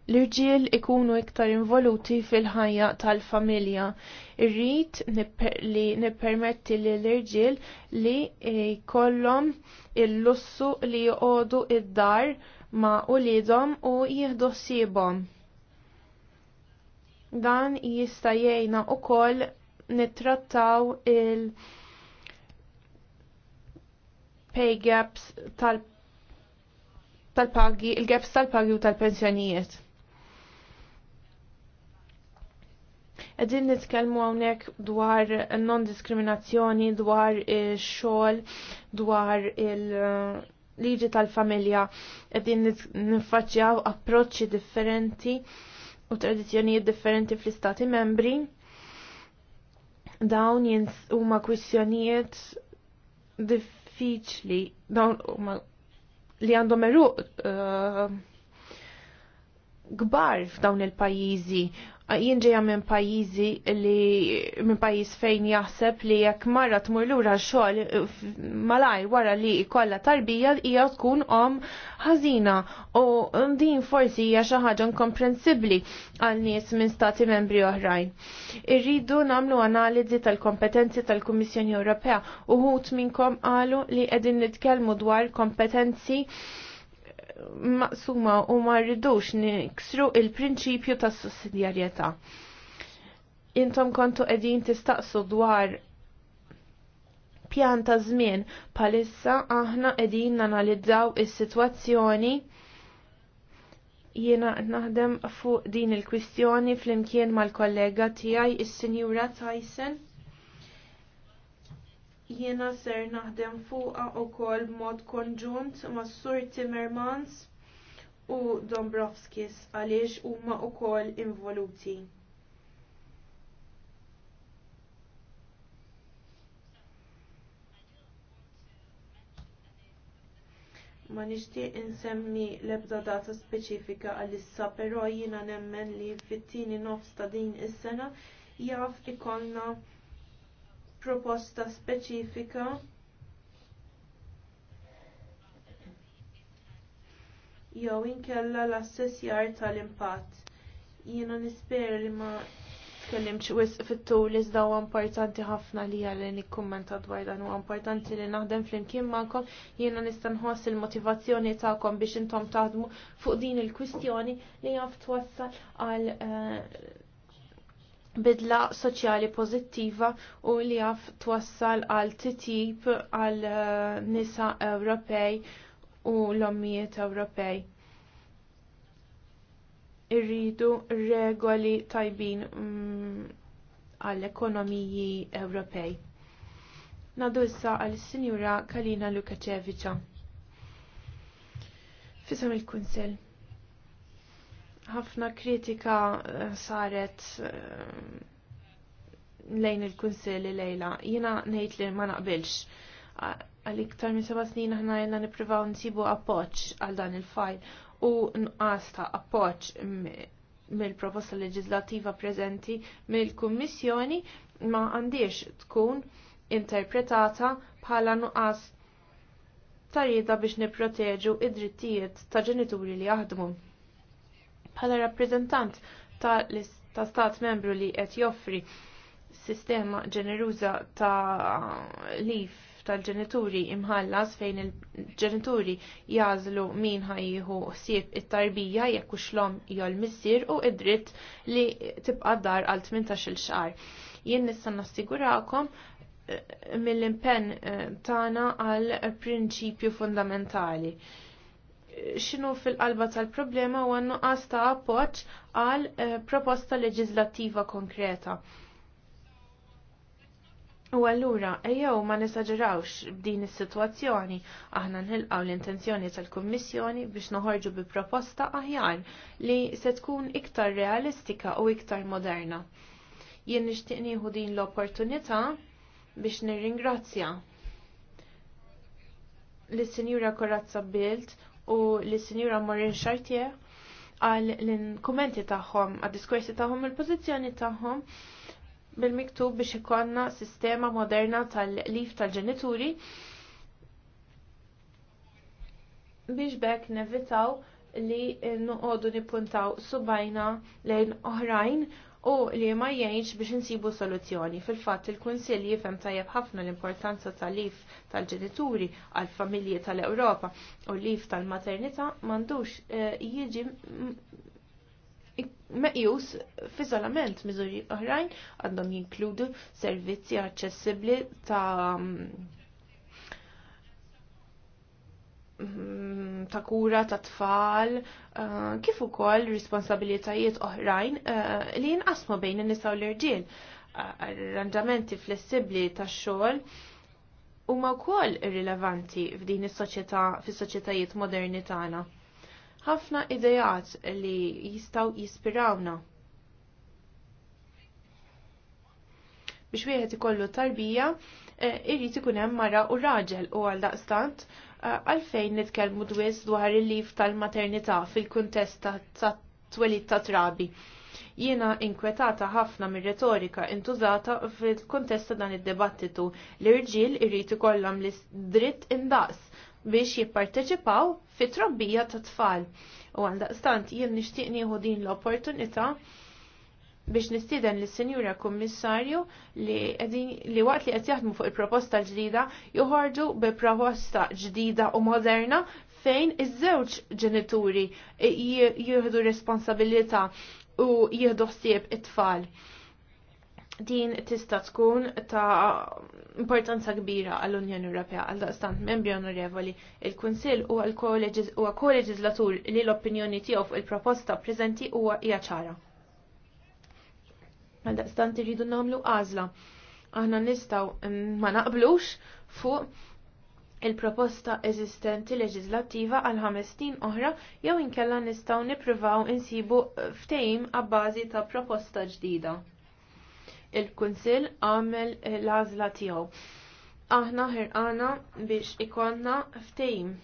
l-irġiel ikunu iktar involuti fil-ħajja tal-familja. Irrit li nippermetti li l-irġiel li kollom il-lussu li jodu id-dar ma' ulidhom u jihdu sibom. Dan jista' u koll nittrattaw il- pay gaps tal- tal-pagi, il-gaps tal-pagi u tal-pensjonijiet. Għedin nitkelmu għonek dwar non-diskriminazzjoni, dwar il-xol, dwar il-liġi tal-familja. Għedin nifacċjaw approċċi differenti u tradizjonijiet differenti fl-istati membri. Dawn jins huma kwistjonijiet diffiċli, dawn huma li għandhom eruq uh, gbar f'dawn il-pajjiżi jien ġejja minn pajjiżi li minn pajjiż fejn jaħseb li jekk marra tmur lura xogħol malaj wara li kollha tarbija hija tkun om ħażina u din forsi hija xi ħaġa inkomprensibbli għal nies minn stati membri oħrajn. Irridu nagħmlu analiżi tal-kompetenzi tal-Kummissjoni Ewropea u ħut minnkom qalu li qegħdin nitkellmu dwar kompetenzi maqsuma u ma rridux niksru il-prinċipju tas sussidjarjetà. Intom kontu qegħdin tistaqsu dwar pjan ta' żmien palissa aħna qegħdin nanalizzaw is-sitwazzjoni jiena naħdem fuq din il-kwistjoni fl-imkien mal-kollega tiegħi is-Sinjura Tyson. Jiena ser naħdem fuqa wkoll b'mod konġunt mas Sur Timmermans u Dombrovskis għaliex huma wkoll involuti. ma nixtieq insemmi l-ebda data speċifika għalissa, però jiena nemmen li fit-tieni nofs ta' din is-sena jaf ikollna proposta speċifika jew inkella l-assessjar tal-impatt. Jiena nispera li ma tkellimx wisq fit-tul iżda huwa importanti ħafna li għalli nikkummenta dwar dan huwa importanti li naħdem flimkien magħkom jiena nista' nħoss il-motivazzjoni tagħkom biex intom taħdmu fuq din il-kwistjoni li jaf twassal għal eh, bidla soċjali pożittiva u li għaf twassal għal titjib għal eh, nisa Ewropej u l-ommijiet Ewropej. Irridu regoli tajbin mm, għall ekonomiji Ewropej. Nadu issa għal sinjura Kalina Lukaċeviċa. Fisam il-Kunsel ħafna kritika eh, saret eh, lejn il-kunsilli lejla. Jina nejt li ma naqbilx. Għal-iktar minn seba snin aħna jena niprivaw nsibu appoċ għal dan il-fajl u nqasta appoċ mill-proposta leġislativa preżenti mill-Kummissjoni ma għandiex tkun interpretata bħala nuqqas tarjida biex nipproteġu id-drittijiet ta' ġenituri li jaħdmu bħala rappreżentant ta' stat membru li qed joffri sistema ġeneruża ta' lif tal-ġenituri imħallas fejn il-ġenituri jażlu min ħajjiħu ħsieb it-tarbija jekk xlom jol missier u id-dritt li tibqa' dar għal 18 xar. xahar. Jien nista' nassigurakom eh, mill-impenn eh, tagħna għal prinċipju fundamentali xinu fil-qalba tal-problema u għannu ta' appoċ għal eh, proposta leġizlattiva konkreta. U għallura, ejjaw ma nisagġerawx b'din is-sitwazzjoni, aħna nħilqaw l-intenzjoni tal-Kummissjoni biex noħorġu bi proposta aħjar li se tkun iktar realistika u iktar moderna. Jien nixtieq nieħu din l-opportunità biex nirringrazzja lis sinjura Korazza Bilt u l-Sinjura Morin Chartier għal l-kommenti tagħhom, għad diskursi tagħhom, il-pożizzjoni tagħhom bil-miktub biex ikonna sistema moderna tal-lif tal-ġenituri biex bekk nevitaw li nuqodu nipuntaw subajna lejn oħrajn u li ma jgħinx biex insibu soluzzjoni. Fil-fatt il-Kunsill jifem tajjeb ħafna l-importanza tal-lif tal-ġenituri għal familji tal-Ewropa u l lif tal-maternità m'għandux eh, jiġi meqjus f'iżolament miżuri oħrajn għandhom jinkludu servizzi aċċessibbli ta' Mm, ta' kura ta' tfal, uh, kif ukoll responsabilitajiet oħrajn uh, li jinqasmu bejn in-nisa u l-irġiel. Eh, arranġamenti flessibbli tax xogħol huma wkoll irrilevanti f'din is-soċjetà fis-soċjetajiet moderni tagħna. Ħafna idejat li jistgħu jispirawna. Biex wieħed ikollu tarbija, irrid ikun hemm mara u raġel u għal daqstant għalfejn nitkellmu dwiż dwar il-lif tal-maternità fil-kuntest ta' twelid ta' trabi. Jiena inkwetata ħafna mir-retorika intużata fil-kuntest ta' dan id debattitu li rġiel irrid ikollhom l dritt indaqs biex jipparteċipaw fit trabbija ta' tfal. U għandaqstant jien nixtieq nieħu din l-opportunità biex nistieden lis sinjura Kummissarju li li waqt li qed jaħdmu fuq il-proposta ġdida joħorġu bi proposta ġdida u moderna fejn iż-żewġ ġenituri jieħdu responsabilità u jieħdu ħsieb it-tfal. Din tista' tkun ta' importanza kbira għall-Unjoni Ewropea għal daqstant membri onorevoli il-Kunsill u għal-koleġizlatur li l-opinjoni tiegħu fuq il-proposta preżenti huwa hija ċara. Għal daqstant irridu nagħmlu għażla. Aħna nistgħu mm, ma naqblux fuq il-proposta eżistenti leġislattiva għal ħamestin oħra jew inkella nistgħu nippruvaw insibu ftehim għabbażi ta' proposta ġdida. Il-Kunsill għamel l-għażla tiegħu. Aħna ħirqana biex ikonna ftehim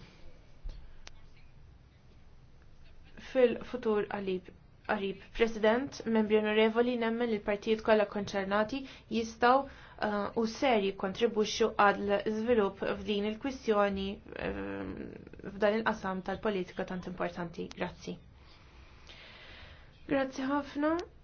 fil-futur qalib qarib. President, membri onorevoli nemmen li l-partijiet kollha konċernati jistaw uh, u seri kontribuxxu għadl zvilup f'din il kwissjoni uh, f'dan il-qasam tal-politika tant importanti. Grazzi. Grazzi ħafna.